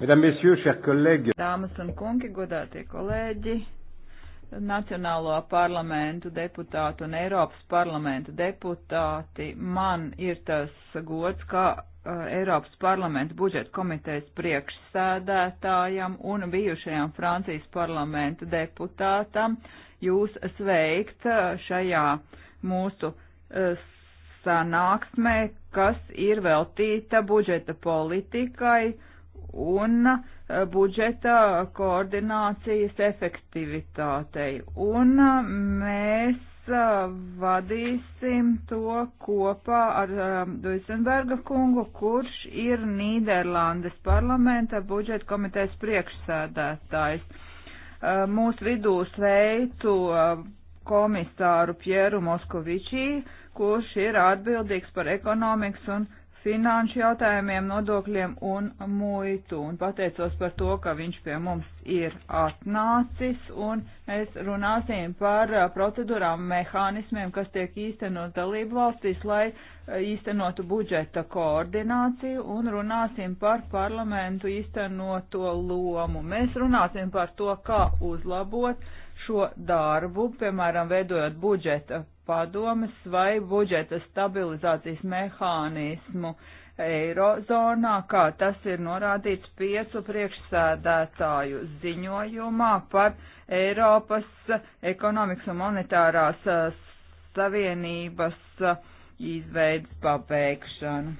Mesdames, Messieurs, chers collègues. Dāmas un kungi, godātie kolēģi, Nacionālo parlamentu deputātu un Eiropas parlamentu deputāti, man ir tas gods, kā uh, Eiropas parlamenta budžeta komitejas priekšsēdētājam un bijušajam Francijas parlamenta deputātam jūs sveikt uh, šajā mūsu uh, sanāksmē, kas ir veltīta budžeta politikai un eh, budžeta koordinācijas efektivitātei. Un eh, mēs eh, vadīsim to kopā ar Duisenberga kungu, kurš ir Nīderlandes parlamenta budžeta komitejas priekšsēdētājs. Mūsu vidū sveicu komisāru Pieru Moskovičī, kurš ir atbildīgs par ekonomikas un finanšu jautājumiem, nodokļiem un muitu. Un pateicos par to, ka viņš pie mums ir atnācis, un mēs runāsim par uh, procedūrām, mehānismiem, kas tiek īstenot dalību valstīs, lai uh, īstenotu budžeta koordināciju, un runāsim par parlamentu īstenoto lomu. Mēs runāsim par to, kā uzlabot šo darbu, piemēram, veidojot budžeta padomas vai budžeta stabilizācijas mehānismu eirozonā, kā tas ir norādīts piecu priekšsēdētāju ziņojumā par Eiropas ekonomikas un monetārās eh, savienības eh, izveidas pabeigšanu.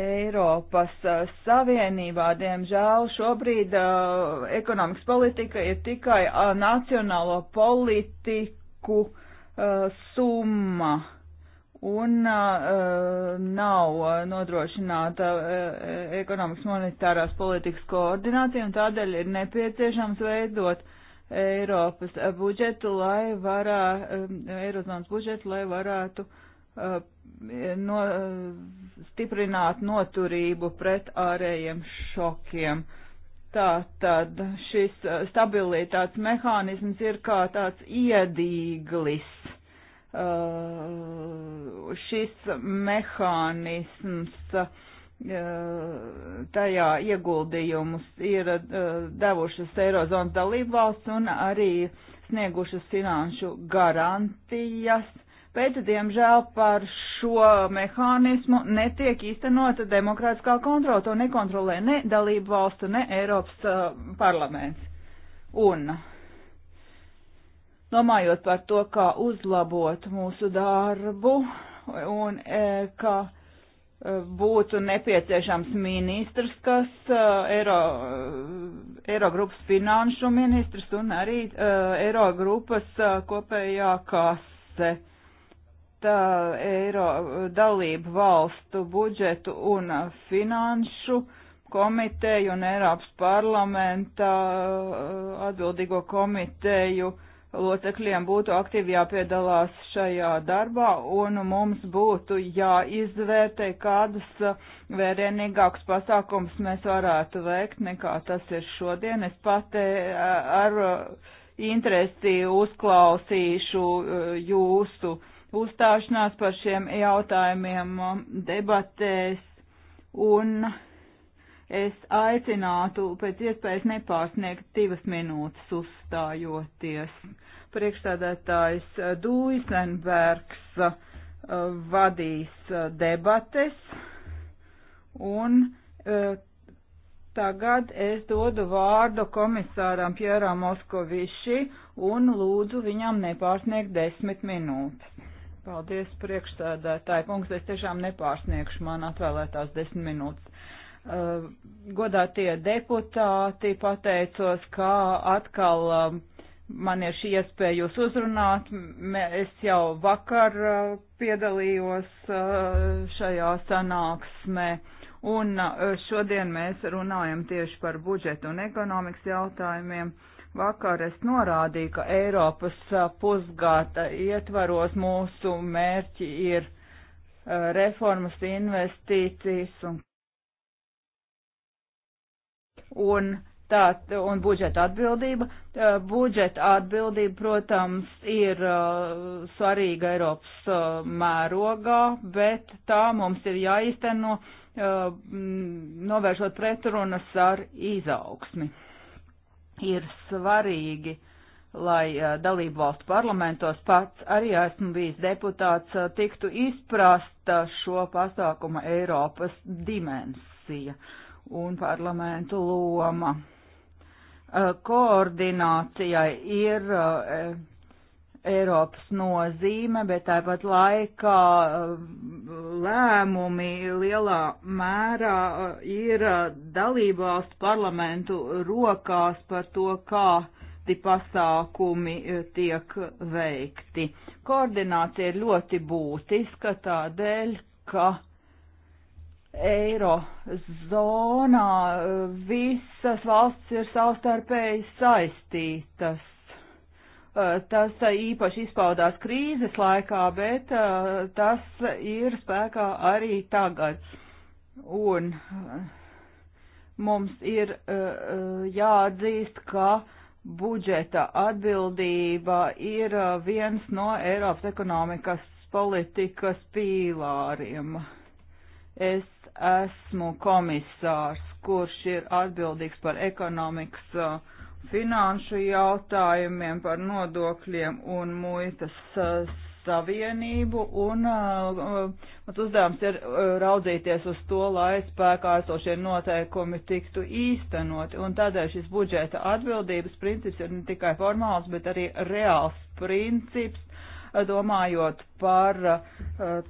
Eiropas eh, Savienībā, diemžēl, šobrīd uh, ekonomikas politika ir tikai uh, nacionālo politiku uh, Uh, summa un uh, nav nodrošināta uh, ekonomikas monetārās politikas koordinācija, un tādēļ ir nepieciešams veidot Eiropas budžetu, lai varētu, um, Eirozonas budžetu, lai varētu no, stiprināt noturību pret ārējiem šokiem. Uh, Tātad šis uh, stabilitātes mehānisms ir kā tāds iedīglis. Uh, šis mehānisms uh, tajā ieguldījumus ir uh, devušas Eirozonas dalībvalsts un arī sniegušas finanšu garantijas bet, diemžēl, par šo mehānismu netiek īstenota demokrātiskā kontrola. To nekontrolē ne dalību valstu, ne Eiropas uh, parlaments. Un domājot par to, kā uzlabot mūsu darbu un e, ka e, būtu nepieciešams ministrs, kas uh, Eiro, e, Eirogrupas finanšu ministrs un arī uh, Eirogrupas uh, kopējā kase eiro dalību valstu budžetu un finanšu komiteju un Eiropas parlamenta uh, atbildīgo komiteju locekļiem būtu aktīvi jāpiedalās šajā darbā un mums būtu jāizvērtē, kādas uh, vērienīgākas pasākums mēs varētu veikt nekā tas ir šodien. Es pati uh, ar interesi uzklausīšu jūsu uh, uzstāšanās par šiem jautājumiem debatēs, un es aicinātu pēc iespējas nepārsniegt divas minūtes uzstājoties. Priekšstādētājs Dūisenbergs uh, vadīs uh, debates, un uh, Tagad es dodu vārdu komisāram Pjerā Moskoviši un lūdzu viņam nepārsniegt desmit minūtes. Paldies, priekšstādātāji. Kungs, es tiešām nepārsniegšu man atvēlētās desmit minūtes. Uh, Godātie deputāti, pateicos, kā atkal um, man ir šī iespēja jūs uzrunāt. Es jau vakar uh, piedalījos uh, šajā sanāksmē, un šodien mēs runājam tieši par budžetu un ekonomikas jautājumiem. Vakar es norādīju, ka Eiropas pusgada ietvaros mūsu mērķi ir reformas investīcijas un, un, tā, un budžeta atbildība. Budžeta atbildība, protams, ir svarīga Eiropas mērogā, bet tā mums ir jāizteno, novēršot pretrunas ar izaugsmi ir svarīgi, lai eh, dalību valstu parlamentos pats arī esmu bijis deputāts, eh, tiktu izprasta šo pasākuma Eiropas dimensija un parlamentu loma. Eh, koordinācijai ir Eiropas nozīme, bet tāpat laikā um, lēmumi lielā mērā uh, ir uh, dalībvalstu parlamentu rokās par to, kādi pasākumi uh, tiek veikti. Koordinācija ir ļoti būtiska tādēļ, ka eiro zonā visas valsts ir savstarpēji saistītas Eh, tas eh, īpaši izpaudās krīzes laikā, bet eh, tas ir spēkā arī tagad. Un mums ir jāatzīst, ka budžeta atbildība ir viens no Eiropas ekonomikas politikas pīlāriem. Es esmu komisārs, kurš ir atbildīgs par ekonomikas uh, finanšu jautājumiem, par nodokļiem un muitas eh, savienību, un uh, uzdevums ir eh, raudzīties uz to, lai spēkā esošie noteikumi tiktu īstenoti, un tādēļ šis budžeta atbildības princips ir ne tikai formāls, bet arī reāls princips, domājot par uh,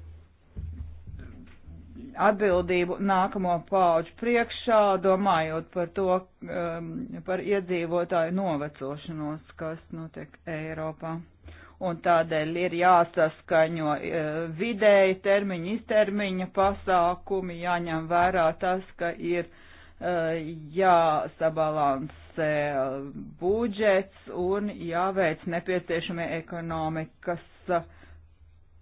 atbildību nākamo pauģu priekšā, domājot par to, um, par iedzīvotāju novecošanos, kas notiek Eiropā. Un tādēļ ir jāsaskaņo uh, vidēji termiņa, iztermiņa pasākumi, jāņem vērā tas, ka ir uh, jāsabalansē uh, budžets un jāveic nepieciešamie ekonomikas uh,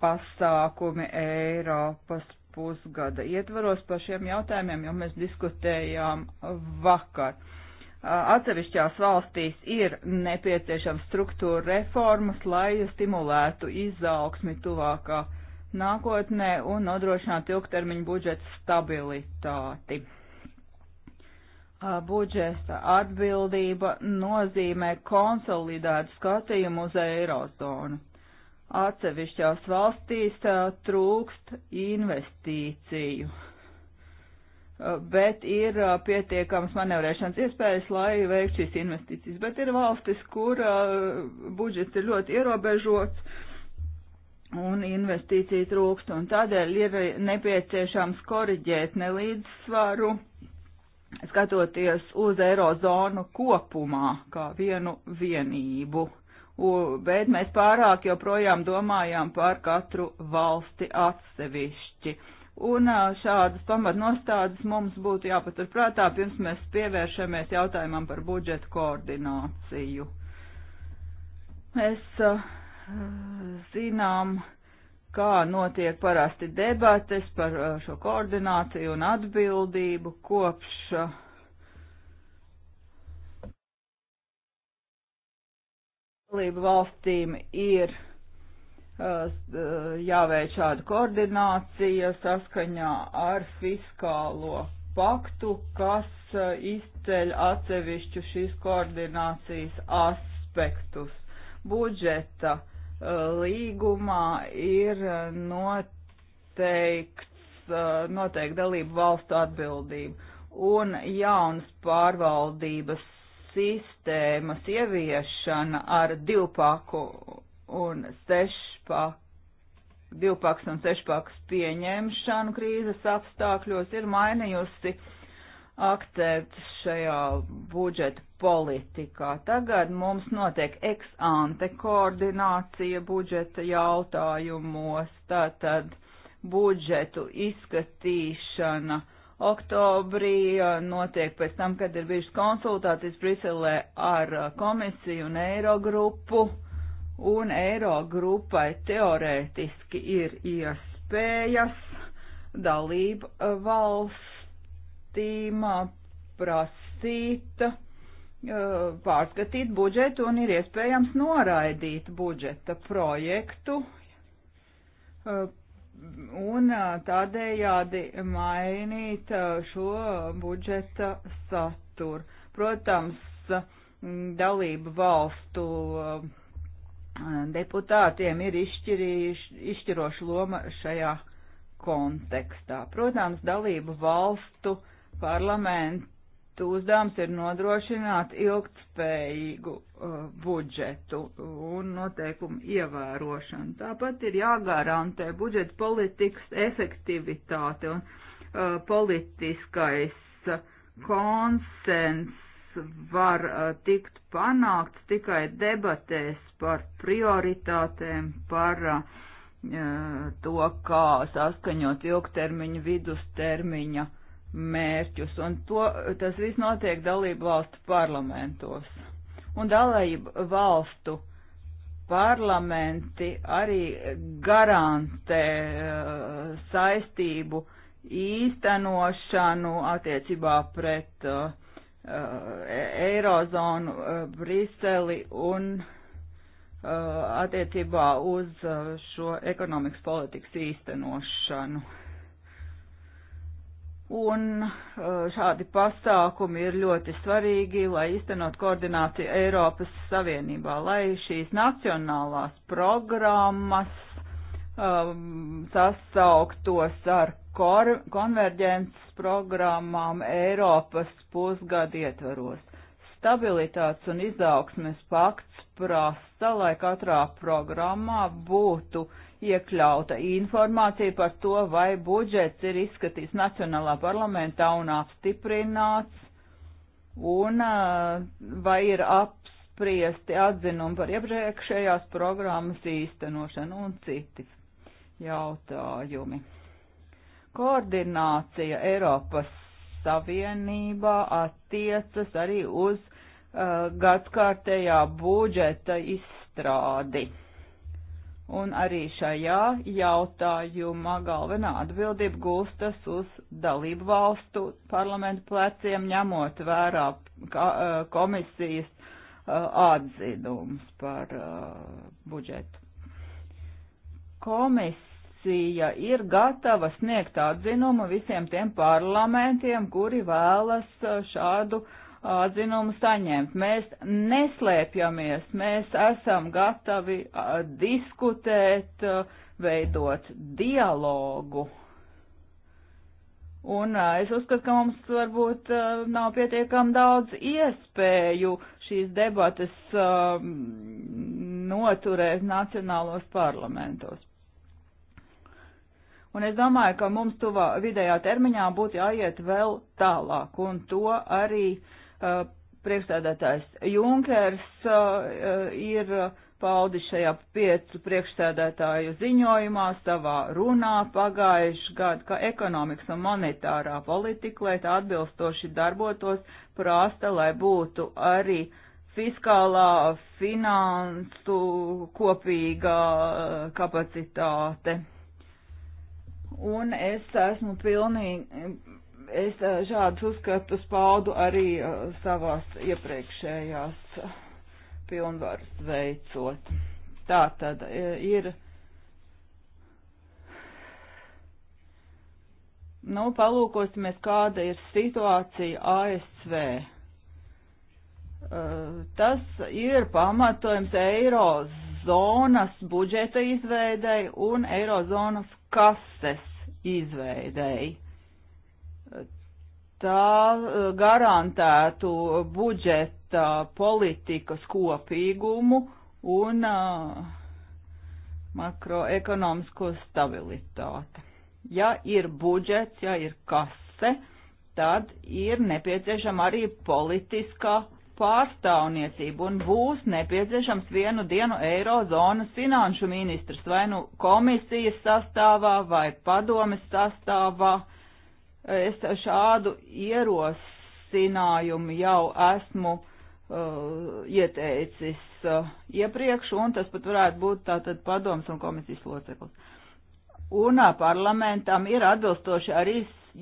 pasākumi Eiropas pusgada ietvaros par šiem jautājumiem, jo mēs diskutējām vakar. Atsevišķās valstīs ir nepieciešams struktūra reformas, lai stimulētu izaugsmi tuvākā nākotnē un nodrošinātu ilgtermiņu budžeta stabilitāti. Budžeta atbildība nozīmē konsolidētu skatījumu uz eirozonu atsevišķās valstīs trūkst investīciju, bet ir pietiekams manevrēšanas iespējas, lai veiktu šīs investīcijas. Bet ir valstis, kur budžets ir ļoti ierobežots un investīcija trūkst, un tādēļ ir nepieciešams koriģēt nelīdzsvaru, skatoties uz eirozonu kopumā kā vienu vienību U, bet mēs pārāk joprojām domājām par katru valsti atsevišķi. Un šādas pamatnostādes mums būtu jāpaturprātā, pirms mēs pievēršamies jautājumam par budžetu koordināciju. Mēs uh, zinām, kā notiek parasti debates par uh, šo koordināciju un atbildību kopš uh, Dalību valstīm ir uh, uh, jāveic šāda koordinācija saskaņā ar fiskālo paktu, kas uh, izceļ atsevišķu šīs koordinācijas aspektus. Budžeta līgumā ir noteikts, noteikti dalību valstu atbildība un jaunas pārvaldības sistēmas ieviešana ar divpaku un sešpaku, divpaks un sešpaks pieņemšanu krīzes apstākļos ir mainījusi akcēt šajā budžeta politikā. Tagad mums notiek ex ante koordinācija budžeta jautājumos, tātad budžetu izskatīšana oktobrī notiek pēc tam, kad ir bijušas konsultācijas Briselē ar komisiju un Eirogrupu, un Eirogrupai teorētiski ir iespējas dalību valstīm prasīt pārskatīt budžetu un ir iespējams noraidīt budžeta projektu un tādējādi mainīt šo budžeta saturu. Protams, dalību valstu deputātiem ir izšķiroša loma šajā kontekstā. Protams, dalību valstu parlamenti budžetu uzdevums ir nodrošināt ilgtspējīgu uh, budžetu un noteikumu ievērošanu. Tāpat ir jāgarantē budžeta politikas efektivitāte un uh, politiskais uh, konsens var uh, tikt panākts tikai debatēs par prioritātēm, par uh, uh to, kā saskaņot ilgtermiņa, vidustermiņa uh, mērķus, un to, tas viss notiek dalību valstu parlamentos. Un dalību valstu parlamenti arī garantē uh, saistību īstenošanu attiecībā pret uh, e, Eirozonu, uh, Briseli un uh, attiecībā uz uh, šo ekonomikas politikas īstenošanu. Un uh, šādi pasākumi ir ļoti svarīgi, lai iztenot koordināciju Eiropas Savienībā, lai šīs nacionālās programmas um, sasauktos ar konverģences programmām Eiropas pusgadu ietvaros. Stabilitātes un izaugsmes pakts prasa, lai katrā programmā būtu iekļauta informācija par to, vai budžets ir izskatīts Nacionālā parlamentā un apstiprināts, un eh, vai ir apspriesti atzinumi par iepriekšējās programmas īstenošanu un citi jautājumi. Koordinācija Eiropas Savienībā attiecas arī uz Uh, gadskārtējā budžeta izstrādi. Un arī šajā jautājumā galvenā atbildība gulstas uz dalību valstu parlamentu pleciem, ņemot vērā uh, komisijas uh, atzinums par budžetu. Komisija ir gatava sniegt atzinumu visiem tiem parlamentiem, kuri vēlas šādu uh, atzinumu saņemt. Mēs neslēpjamies, mēs esam gatavi diskutēt, veidot dialogu. Un es uzskatu, ka mums varbūt nav pietiekam daudz iespēju šīs debates noturēt nacionālos parlamentos. Un es domāju, ka mums tuvā vidējā termiņā būtu jāiet vēl tālāk, un to arī uh, Uh, priekšstādātājs Junkers uh, uh, ir paudis šajā piecu priekšstādātāju ziņojumā savā runā pagājuši gadu, ka ekonomikas un monetārā politika, lai tā atbilstoši darbotos, prāsta, lai būtu arī fiskālā finansu kopīgā kapacitāte. Un es esmu pilnīgi Es šādus eh, uzskatus paudu arī eh, savās iepriekšējās pilnvaras veicot. Tā tad eh, ir. Nu, palūkosimies, kāda ir situācija ASV. Tas ir pamatojums eirozonas budžeta izveidei un eirozonas kases izveidei tā e, garantētu budžeta politikas kopīgumu un e, makroekonomisko stabilitāti. Ja ir budžets, ja ir kase, tad ir nepieciešama arī politiskā pārstāvniecība un būs nepieciešams vienu dienu Eirozonas finanšu ministrs vai nu komisijas sastāvā vai padomes sastāvā Es šādu ierosinājumu jau esmu uh, ieteicis uh, iepriekš, un tas pat varētu būt tātad padoms un komisijas loceklis. Un uh, parlamentam ir atbilstoši arī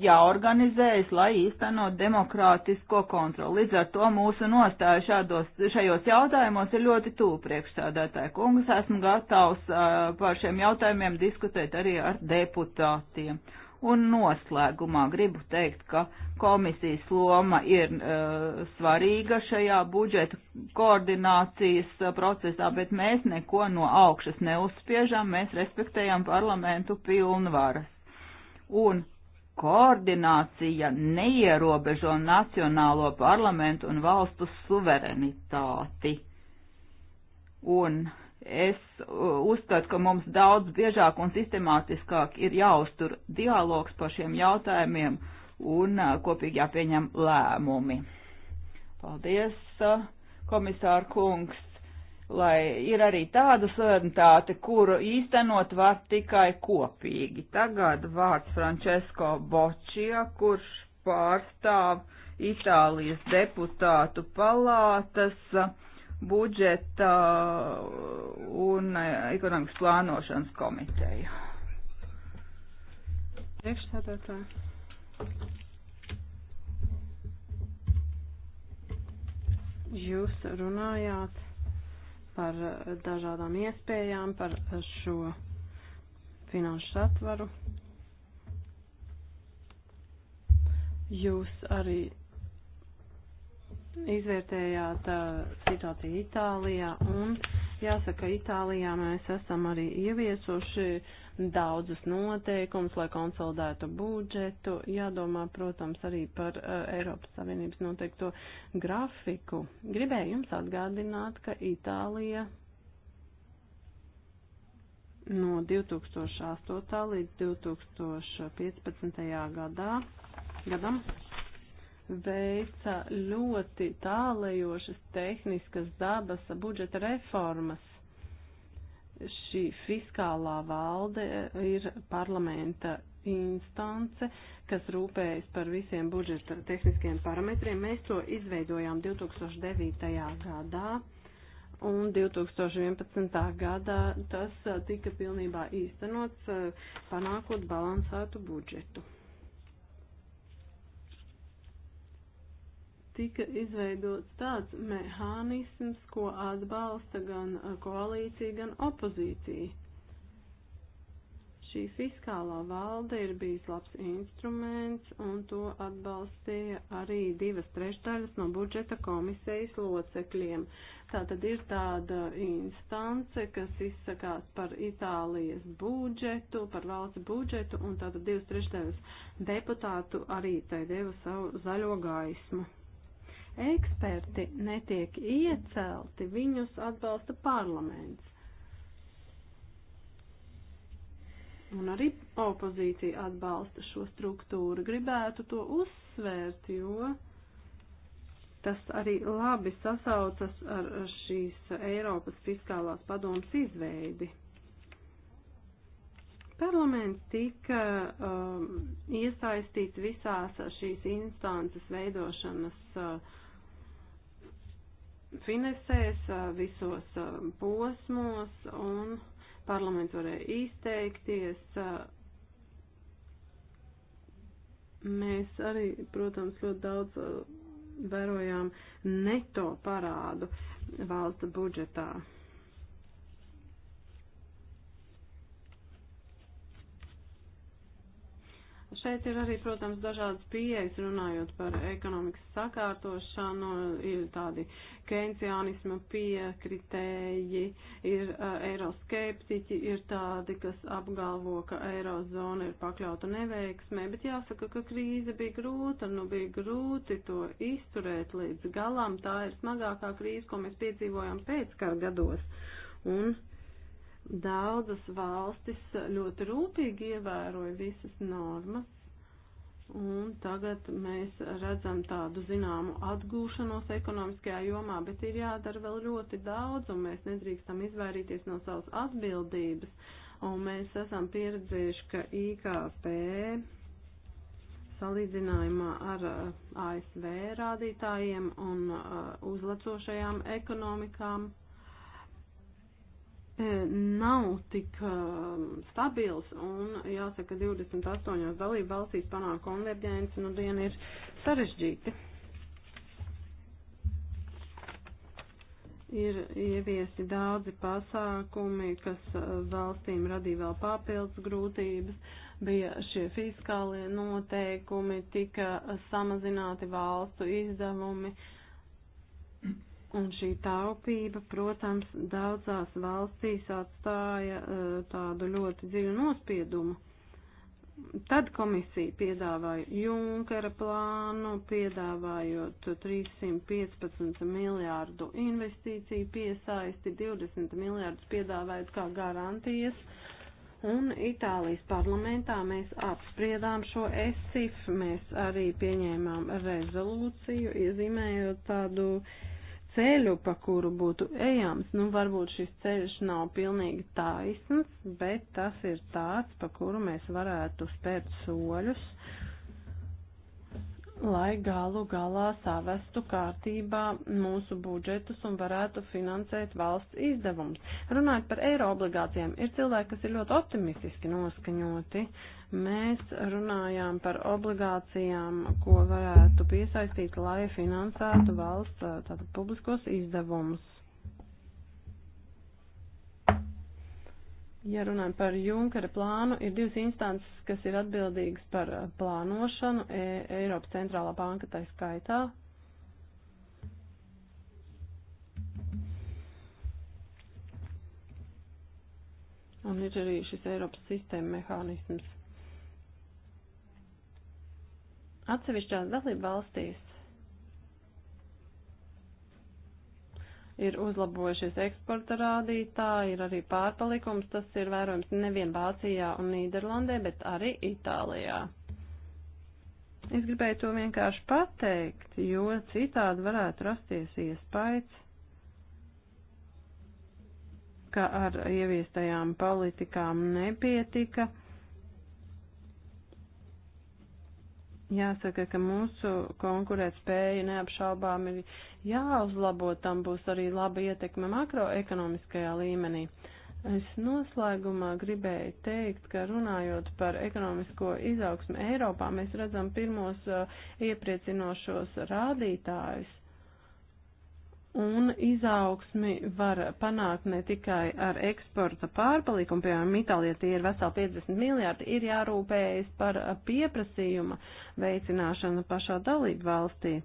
jāorganizējas, lai īstenot demokrātisko kontroli. Līdz ar to mūsu nostāja šādos, šajos jautājumos ir ļoti tūl priekšstādātāja kungas. Esmu gatavs uh, par šiem jautājumiem diskutēt arī ar deputātiem. Uh, Un noslēgumā gribu teikt, ka komisijas loma ir uh, svarīga šajā budžeta koordinācijas uh, procesā, bet mēs neko no augšas neuzspiežam, mēs respektējam parlamentu pilnvaras. Un koordinācija neierobežo nacionālo parlamentu un valstu suverenitāti. Un uh, Es uzskatu, ka mums daudz biežāk un sistemātiskāk ir jāuztur dialogs par šiem jautājumiem un kopīgi jāpieņem lēmumi. Paldies, komisāra kungs, lai ir arī tāda suverenitāte, kuru īstenot var tikai kopīgi. Tagad vārds Francesco Bočija, kurš pārstāv Itālijas deputātu palātas budžeta uh, un uh, ekonomikas plānošanas komiteju. Priekšstādātāji. Jūs runājāt par dažādām iespējām, par šo finanšu satvaru. Jūs arī izvērtējāt situāciju Itālijā un jāsaka, Itālijā mēs esam arī ieviesuši daudzus noteikumus, lai konsolidētu budžetu. Jādomā, protams, arī par Eiropas Savienības noteikto grafiku. Gribēju jums atgādināt, ka Itālija no 2008. līdz 2015. gadā, gadam veica ļoti tālajošas tehniskas dabas budžeta reformas. Šī fiskālā valde ir parlamenta instance, kas rūpējas par visiem budžeta tehniskiem parametriem. Mēs to izveidojām 2009. gadā un 2011. gadā tas tika pilnībā īstenots, eh, panākot balansētu budžetu. tika izveidots tāds mehānisms, ko atbalsta gan koalīcija, gan opozīcija. Šī fiskālā valde ir bijis labs instruments, un to atbalstīja arī divas trešdaļas no budžeta komisijas locekļiem. Tā tad ir tāda instance, kas izsakās par Itālijas budžetu, par valsts budžetu, un tātad divas trešdaļas deputātu arī tai deva savu zaļo gaismu eksperti netiek iecelti, viņus atbalsta parlaments. Un arī opozīcija atbalsta šo struktūru. Gribētu to uzsvērt, jo tas arī labi sasaucas ar šīs Eiropas fiskālās padomas izveidi. Parlaments tika um, iesaistīts visās šīs instances veidošanas uh, finesēs visos posmos un parlaments varēja izteikties. Mēs arī, protams, ļoti daudz vērojām neto parādu valsts budžetā. Šeit ir arī, protams, dažādas pieejas runājot par ekonomikas sakārtošanu, ir tādi kenciānisma piekritēji, ir uh, eiroskeptiķi, ir tādi, kas apgalvo, ka eirozona ir pakļauta neveiksmē, bet jāsaka, ka krīze bija grūta, nu bija grūti to izturēt līdz galam, tā ir smagākā krīze, ko mēs piedzīvojām pēckara gados. Un Daudzas valstis ļoti rūpīgi ievēroja visas normas, un tagad mēs redzam tādu zināmu atgūšanos ekonomiskajā jomā, bet ir jādara vēl ļoti daudz, un mēs nedrīkstam izvairīties no savas atbildības, un mēs esam pieredzējuši, ka IKP salīdzinājumā ar eh, ASV rādītājiem un eh, uzlecošajām ekonomikām E, nav tik e, stabils un jāsaka 28 dalību valstīs panāk konverģence, nu diena ir sarežģīta. Ir ieviesti daudzi pasākumi, kas e, valstīm radīja vēl papildus grūtības, bija šie fiskālie noteikumi, tika samazināti valstu izdevumi. Uh, Un šī taupība, protams, daudzās valstīs atstāja e, tādu ļoti dziļu nospiedumu. Tad komisija piedāvāja Junkera plānu, piedāvājot 315 miljārdu investīciju piesaisti, 20 miljārdus piedāvājot kā garantijas. Un Itālijas parlamentā mēs apspriedām šo ESIF, mēs arī pieņēmām rezolūciju, iezīmējot tādu uh, ceļu, pa kuru būtu ejams. Nu, varbūt šis ceļš nav pilnīgi taisns, bet tas ir tāds, pa kuru mēs varētu spērt soļus. Uh, lai galu galā savestu kārtībā mūsu budžetus un varētu finansēt valsts izdevumus. Runājot par eiro obligācijām, ir cilvēki, kas ir ļoti optimistiski noskaņoti. Mēs runājām par obligācijām, ko varētu piesaistīt, lai finansētu valsts tātad, publiskos izdevumus. Ja runājam par Junkara plānu, ir divas instances, kas ir atbildīgas par uh, plānošanu, e Eiropas centrālā banka tai skaitā. Un ir arī šis Eiropas sistēma mehānisms. Atsevišķās dalība valstīs ir uzlabojušies eksporta rādītāji, ir arī pārpalikums, tas ir vērojams nevien Vācijā un Nīderlandē, bet arī Itālijā. Es gribēju to vienkārši pateikt, jo citādi varētu rasties iespējas, ka ar ieviestajām politikām nepietika. Jāsaka, ka mūsu konkurētspēja neapšaubām ir jāuzlabo, tam būs arī laba ietekme makroekonomiskajā līmenī. Es noslēgumā gribēju teikt, ka runājot par ekonomisko izaugsmu Eiropā, mēs redzam pirmos uh, iepriecinošos rādītājus. Un izaugsmi var panākt ne tikai ar eksporta pārpalikumu, piemēram, Itālijā tie ir veseli 50 miljārdi, ir jārūpējas par uh, pieprasījuma veicināšanu pašā dalību valstī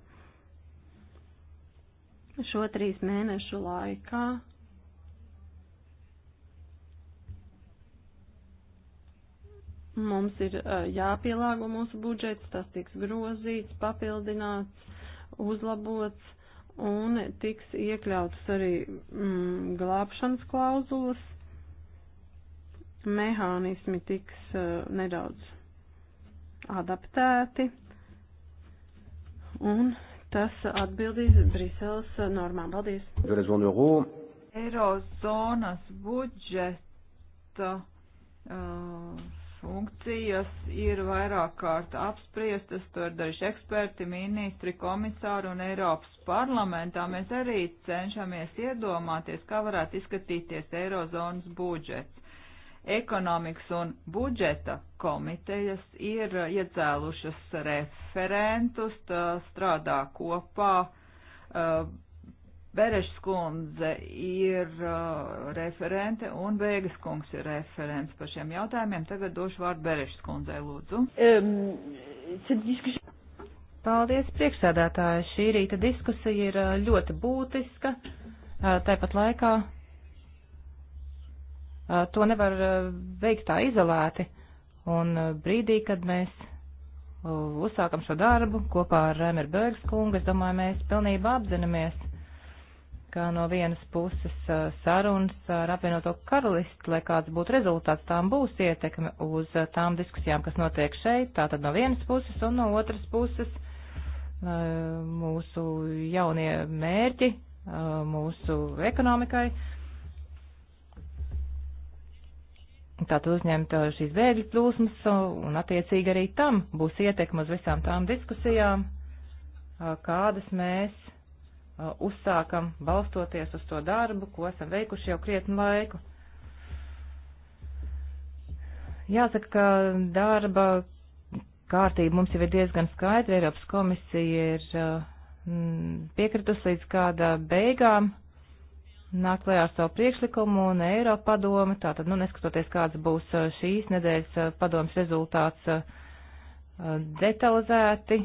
šo trīs mēnešu laikā mums ir jāpielāgo mūsu budžets, tas tiks grozīts, papildināts, uzlabots un tiks iekļauts arī mm, glābšanas klauzulas. Mehānismi tiks uh, nedaudz adaptēti un Tas atbildīs Briseles normām. Paldies. Eirozonas budžeta uh, funkcijas ir vairāk kārt apspriestas, to ir daži eksperti, ministri, komisāri un Eiropas parlamentā. Mēs arī cenšamies iedomāties, kā varētu izskatīties Eirozonas budžets Ekonomikas un budžeta komitejas ir iecēlušas referentus, strādā kopā. Berešs kundze ir referente un Bēgas kungs ir referents par šiem jautājumiem. Tagad došu vārdu Berešs kundzei, lūdzu. Um, Paldies, priekšsēdētāji. Šī rīta diskusija ir ļoti būtiska. Tāpat laikā Uh, to nevar uh, veikt tā izolēti. Un uh, brīdī, kad mēs uzsākam šo darbu kopā ar Rēmēru Bērgs kungu, es domāju, mēs pilnībā apzināmies, ka no vienas puses sarunas ar apvienoto karalisti, lai kāds būtu rezultāts, tām būs ietekme uz tām diskusijām, kas notiek šeit, tātad no vienas puses un no otras puses mūsu jaunie mērķi mūsu ekonomikai, tātad uzņemt uh, šīs bēgļu plūsmas uh, un attiecīgi arī tam būs ietekma uz visām tām diskusijām, uh, kādas mēs uzsākam balstoties uz to darbu, ko esam veikuši jau krietnu laiku. Jāsaka, ka darba kārtība mums jau ir diezgan skaidra. Eiropas komisija ir piekritusi līdz kāda beigām nāk klajā ar savu priekšlikumu un Eiropa padomi, tātad, nu, neskatoties kāds būs šīs nedēļas padomas rezultāts detalizēti,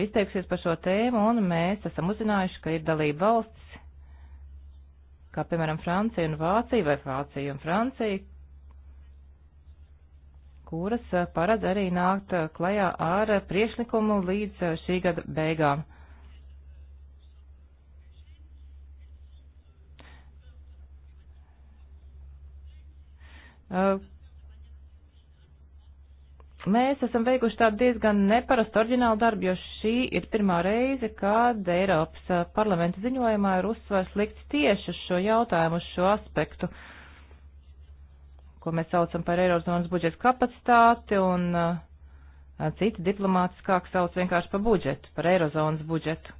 izteiksies par šo tēmu un mēs esam uzzinājuši, ka ir dalība valstis, kā piemēram Francija un Vācija vai Vācija un Francija, kuras paredz arī nākt klajā ar priekšlikumu līdz šī gada beigām. Mēs esam veikuši tādu diezgan neparastu orģinālu darbu, jo šī ir pirmā reize, kad Eiropas parlamenta ziņojumā ir uzsvars likts tieši uz šo jautājumu, uz šo aspektu, ko mēs saucam par Eirozonas budžeta kapacitāti un citi diplomātiskāk sauc vienkārši par budžetu, par Eirozonas budžetu.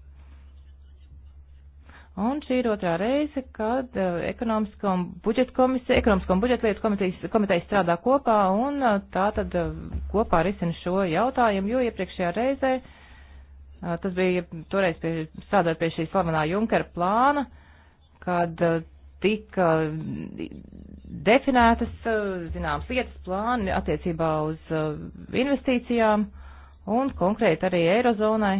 Un šī ir otrā reize, kad uh, ekonomiskā un budžeta komisija, ekonomiskā un budžeta lietu komiteja, komiteja strādā kopā un uh, tā tad uh, kopā risina šo jautājumu, jo iepriekšējā reizē tas bija toreiz pie, strādāt pie šī slavenā Junkera plāna, kad tika definētas, zināms, lietas plāni attiecībā uz investīcijām un konkrēti arī Eirozonai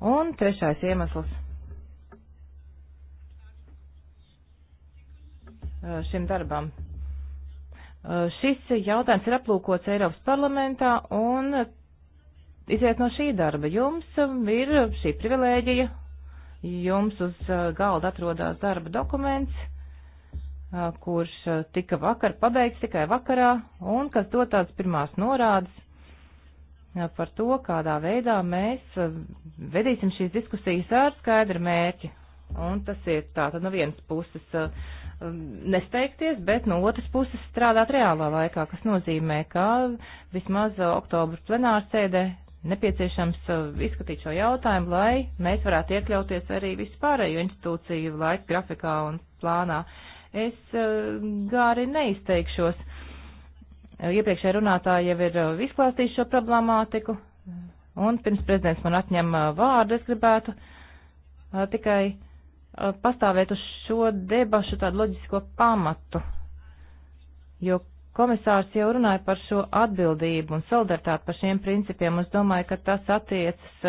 Un trešais iemesls šim darbam. Šis jautājums ir aplūkots Eiropas parlamentā un iziet no šī darba. Jums ir šī privilēģija, jums uz galda atrodas darba dokuments, kurš tika vakar pabeigts tikai vakarā un kas dod tādas pirmās norādes par to, kādā veidā mēs eh, vedīsim šīs diskusijas ar skaidru mērķi. Un tas ir tā, tad no vienas puses eh, nesteigties, bet no otras puses strādāt reālā laikā, kas nozīmē, ka vismaz oktobra plenārsēdē nepieciešams eh, izskatīt šo jautājumu, lai mēs varētu iekļauties arī vispārējo institūciju laika grafikā un plānā. Es gāri neizteikšos Iepriekšējā runātāja jau ir uh, izklāstījuši šo problemātiku, un pirms prezidents man atņem uh, vārdu, es gribētu uh, tikai pastāvēt uz šo debašu tādu loģisko pamatu, jo komisārs jau runāja par šo atbildību un solidaritāti par šiem principiem. Es domāju, ka tas attiecas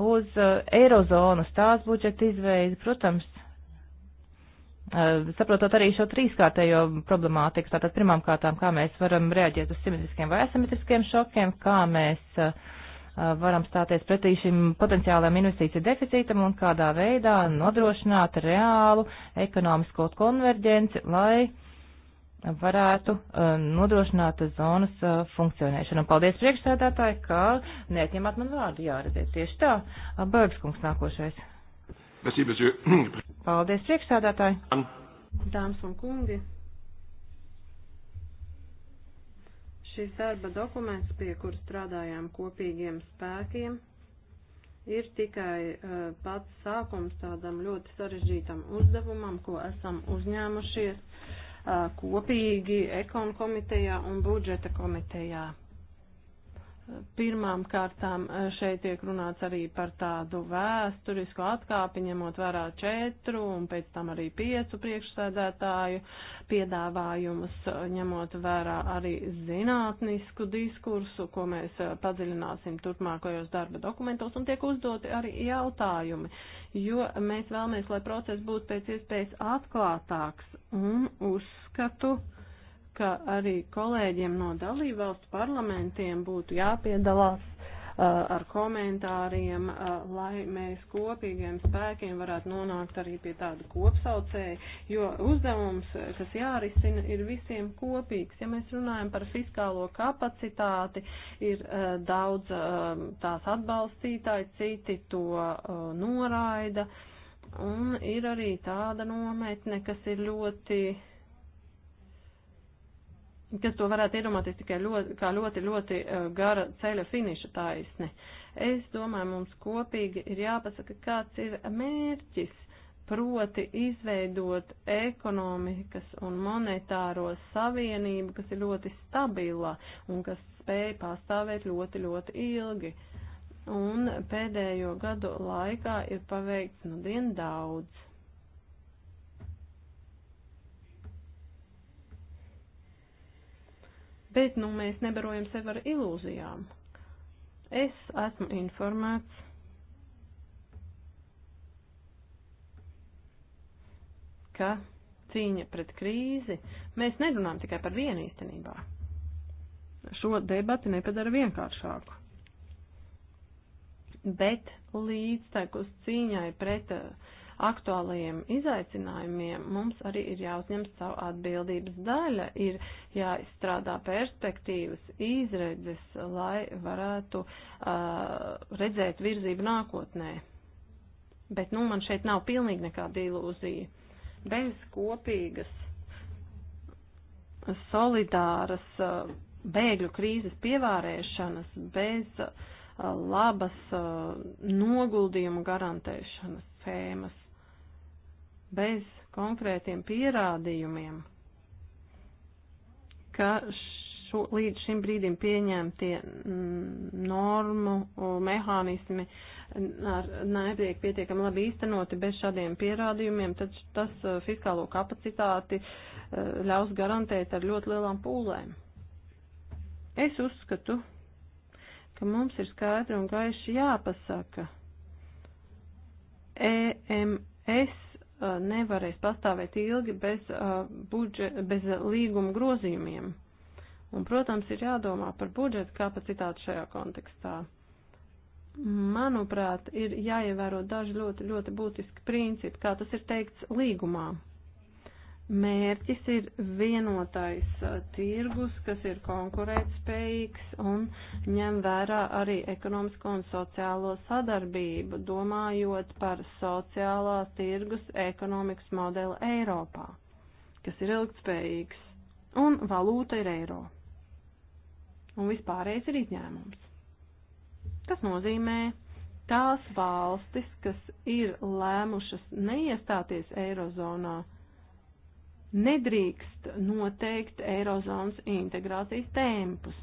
uz Eirozonas tās budžeta izveidi. Protams, Eh, saprotot arī šo trīskārtējo problemātiku, tātad pirmām kārtām, kā mēs varam reaģēt uz simetriskiem vai asimetriskiem šokiem, kā mēs eh, eh, varam stāties pretī šim potenciālajam investīciju deficītam un kādā veidā nodrošināt reālu ekonomisko konverģenci, lai varētu nodrošināt zonas funkcionēšanu. Un paldies priekšsēdētāji, ka neatņemat man vārdu jāredziet. Tieši tā, Bergskungs nākošais. Merci, monsieur. Paldies, priekšsādātāji. Dāmas un kungi. Šis darba dokuments, pie kur strādājām kopīgiem spēkiem, ir tikai uh, pats sākums tādam ļoti sarežģītam uzdevumam, ko esam uzņēmušies uh, kopīgi ekon komitejā un budžeta komitejā. Pirmām kārtām eh, šeit tiek runāts arī par tādu vēsturisku atkāpi, ņemot vērā četru un pēc tam arī piecu priekšsēdētāju piedāvājumus, ņemot vērā arī zinātnisku diskursu, ko mēs eh, padziļināsim turpmākajos darba dokumentos, un tiek uzdoti arī jautājumi, jo mēs vēlamies, lai process būtu pēc iespējas atklātāks un uzskatu ka arī kolēģiem no dalībvalstu parlamentiem būtu jāpiedalās uh, ar komentāriem, uh, lai mēs kopīgiem spēkiem varētu nonākt arī pie tāda kopsaucēja, jo uzdevums, kas jārisina, ir visiem kopīgs. Ja mēs runājam par fiskālo kapacitāti, ir uh, daudz um, tās atbalstītāji, citi to noraida, un ir arī tāda nometne, kas ir ļoti kas to varētu iedomāties tikai ļoti, kā ļoti, ļoti e, gara ceļa finiša taisne. Es domāju, mums kopīgi ir jāpasaka, kāds ir mērķis, proti izveidot ekonomikas un monetāro savienību, kas ir ļoti stabila un kas spēja pastāvēt ļoti, ļoti ilgi. Un pēdējo gadu laikā ir paveikts nu dien daudz Bet, nu, mēs nebarojam sevi ar ilūzijām. Es esmu informēts. ka cīņa pret krīzi, mēs nerunājam tikai par vienu īstenībā. Šo debati nepadara vienkāršāku. Bet līdztekus cīņai pret uh, aktuālajiem izaicinājumiem, mums arī ir jāuzņem savu atbildības daļa, ir jāizstrādā perspektīvas, izredzes, lai varētu uh, redzēt virzību nākotnē. Bet, nu, man šeit nav pilnīgi nekāda ilūzija. Bez kopīgas, solidāras uh, bēgļu krīzes pievārēšanas, bez uh, labas uh, noguldījumu garantēšanas schēmas bez konkrētiem pierādījumiem, ka šo, līdz šim brīdim pieņemtie normu mehānismi ar, netiek pietiekami labi īstenoti bez šādiem pierādījumiem, tad tas fiskālo kapacitāti ļaus garantēt ar ļoti lielām pūlēm. Es uzskatu, ka mums ir skaidri un gaiši jāpasaka EMS Uh, nevarēs pastāvēt ilgi bez, uh, budže, bez līguma grozījumiem. Un, protams, ir jādomā par budžeta kapacitāti šajā kontekstā. Manuprāt, ir jāievēro daži ļoti, ļoti būtiski principi, kā tas ir teikts līgumā mērķis ir vienotais uh, tirgus, kas ir konkurētspējīgs un ņem vērā arī ekonomisko un sociālo sadarbību, domājot par sociālā tirgus ekonomikas modeli Eiropā, kas ir ilgtspējīgs, un valūta ir eiro. Un vispārējais ir izņēmums. Tas nozīmē, tās valstis, kas ir lēmušas neiestāties Eirozonā, nedrīkst noteikt Eirozonas integrācijas tempus.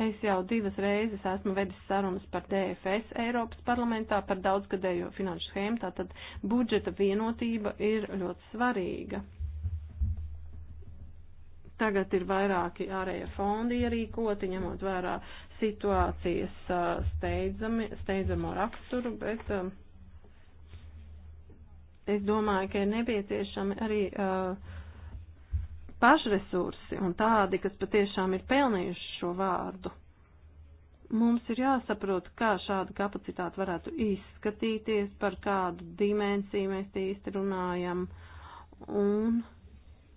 Es jau divas reizes esmu vedis sarunas par DFS Eiropas parlamentā par daudzgadējo finanšu schēmu, tātad budžeta vienotība ir ļoti svarīga. Tagad ir vairāki ārējie fondi ierīkoti, ņemot vērā situācijas steidzami, steidzamo raksturu, bet uh, es domāju, ka ir nepieciešami arī uh, pašresursi un tādi, kas patiešām ir pelnījuši šo vārdu. Mums ir jāsaprot, kā šāda kapacitāte varētu izskatīties, par kādu dimensiju mēs īsti runājam un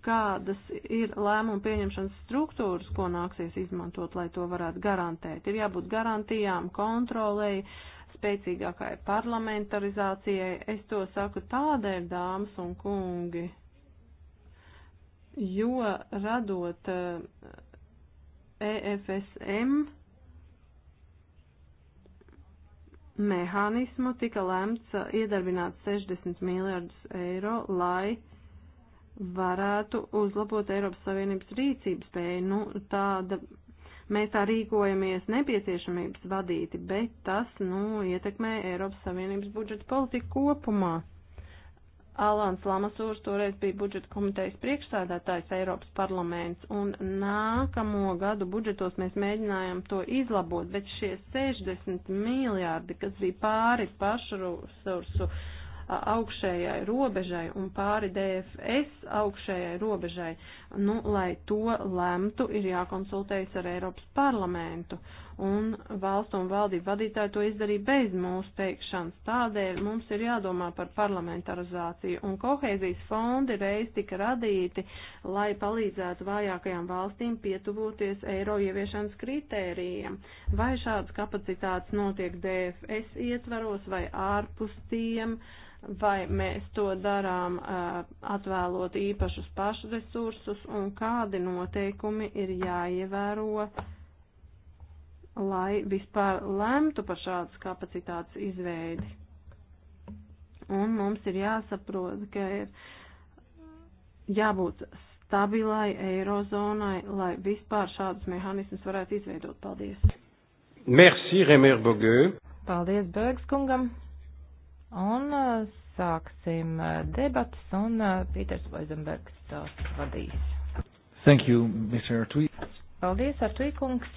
kādas ir lēmumu pieņemšanas struktūras, ko nāksies izmantot, lai to varētu garantēt. Ir jābūt garantijām, kontrolēji, uh, spēcīgākai parlamentarizācijai. Es to saku tādēļ, dāmas un kungi, jo radot EFSM eh, e mehānismu tika lemts eh, iedarbināt 60 miljardus eiro, lai varētu uzlabot Eiropas Savienības rīcības spēju. Nu, tāda Mēs tā rīkojamies nepieciešamības vadīti, bet tas, nu, ietekmē Eiropas Savienības budžeta politiku kopumā. Alans Lamasūrs toreiz bija budžeta komitejas priekšsādātājs Eiropas parlaments, un nākamo gadu budžetos mēs mēģinājām to izlabot, bet šie 60 miljārdi, kas bija pāri pašresursu augšējai robežai un pāri DFS augšējai robežai, nu, lai to lemtu, ir jākonsultējas ar Eiropas parlamentu un valstu un valdību vadītāji to izdarīja bez mūsu teikšanas. Tādēļ mums ir jādomā par parlamentarizāciju, un kohēzijas fondi reiz tika radīti, lai palīdzētu vājākajām valstīm pietuvoties eiro ieviešanas kritērijiem. Vai šādas kapacitātes notiek DFS ietvaros vai ārpus tiem? vai mēs to darām atvēlot īpašus pašresursus un kādi noteikumi ir jāievēro lai vispār lemtu par šādas kapacitātes izveidi. Un mums ir jāsaprot, ka ir jābūt stabilai eirozonai, lai vispār šādus mehānismus varētu izveidot. Paldies! Merci, Remer Bogeu! Paldies, Bergs kungam! Un uh, sāksim uh, debatas, un uh, Pīters Vaizenbergs tās vadīs. Thank you, Mr. Artui. Paldies, Artui kungs!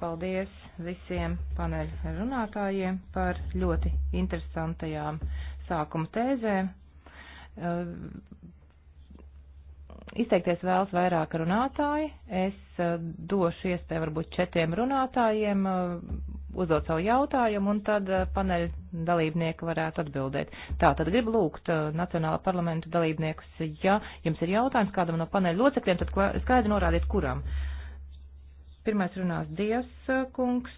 paldies visiem paneļu runātājiem par ļoti interesantajām sākuma tēzēm. Uh, izteikties vēlas vairāk runātāji. Es uh, došu iespēju varbūt četriem runātājiem uh, uzdot savu jautājumu, un tad paneļa dalībnieki varētu atbildēt. Tā, tad gribu lūgt Nacionāla parlamenta dalībniekus, ja jums ir jautājums kādam no paneļa locekļiem, tad skaidri norādiet, kuram. Uh, Pirmais runās Dievs kungs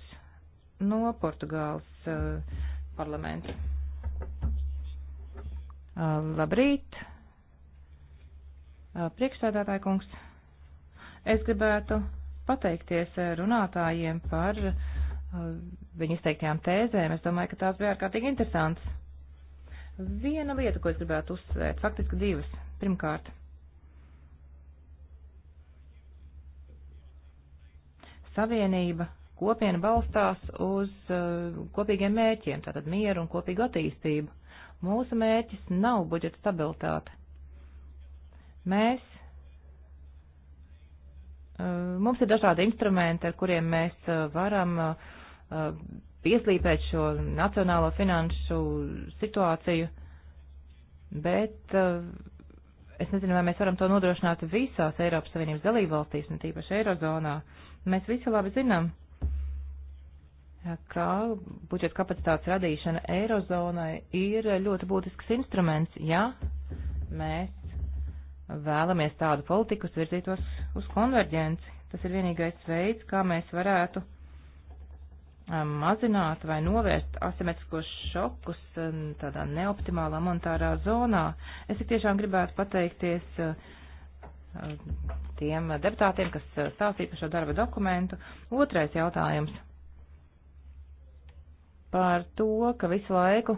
no Portugāles parlamenta. Labrīt! Priekšstādātāja kungs, es gribētu pateikties runātājiem par viņu izteiktajām tēzēm. Es domāju, ka tās bija ārkārtīgi interesantas. Viena lieta, ko es gribētu uzsvērt, faktiski divas. Pirmkārt, savienība, kopiena balstās uz eh, kopīgiem mērķiem, tātad mieru un kopīgu attīstību. Mūsu mērķis nav budžeta stabilitāte. Mēs, eh, mums ir dažādi instrumenti, ar kuriem mēs eh, varam pieslīpēt šo nacionālo finanšu situāciju, bet es nezinu, vai mēs varam to nodrošināt visās Eiropas Savienības dalībvalstīs, ne tīpaši Eirozonā. Uh, Mēs visi labi zinām, ka budžeta kapacitātes radīšana Eirozonai ir ļoti būtisks instruments, ja mēs vēlamies tādu politiku, kas virzītos uz konverģenci. Tas ir vienīgais veids, kā mēs varētu um, mazināt vai novērst asimetriskos šokus um, tādā neoptimālā monetārā zonā. Es tik tiešām gribētu pateikties uh, tiem deputātiem, kas eh, stāstīja par šo darba dokumentu. Otrais jautājums par to, ka visu laiku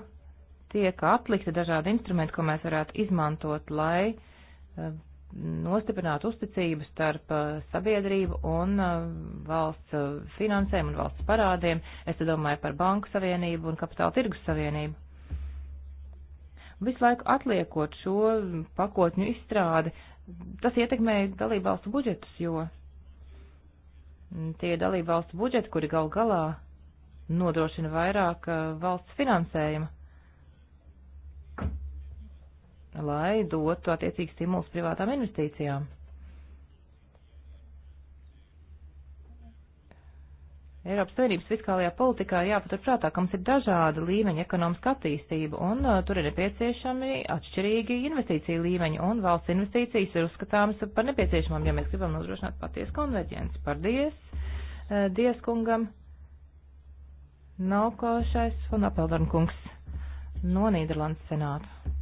tiek atlikti dažādi instrumenti, ko mēs varētu izmantot, lai eh, nostiprinātu uzticību starp eh, sabiedrību un valsts finansēm un valsts parādiem. Es te domāju par banku savienību un kapitāla tirgus savienību. Visu laiku atliekot šo pakotņu izstrādi, uh, tas ietekmē dalībvalstu budžetus, jo tie dalībvalstu budžeti, kuri gal galā nodrošina vairāk uh, valsts finansējuma, lai dotu attiecīgi stimulus privātām investīcijām. Eiropas Savienības fiskālajā politikā ir jāpaturprātā, ka mums ir dažāda līmeņa ekonomiska attīstība, un uh, tur ir nepieciešami atšķirīgi investīcija līmeņi, un valsts investīcijas ir uzskatāmas par nepieciešamām, ja mēs gribam nodrošināt patiesu konverģenci. Paldies, uh, Dieskungam, Naukošais un Apeldarnkungs no Nīderlandes senātu.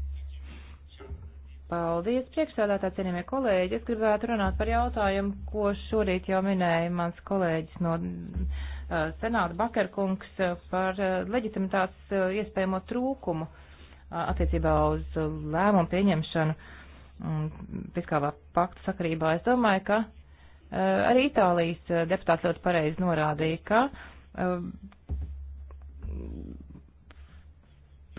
Paldies, priekšsādātā cienījamie kolēģi. Es gribētu runāt par jautājumu, ko šorīt jau minēja mans kolēģis no Eh, senāta Bakarkungs eh, par eh, leģitimitātes iespējamo trūkumu attiecībā uz lēmumu pieņemšanu mm, fiskālā pakta sakarībā. Es domāju, ka arī Itālijas deputāts ļoti pareizi norādīja, ka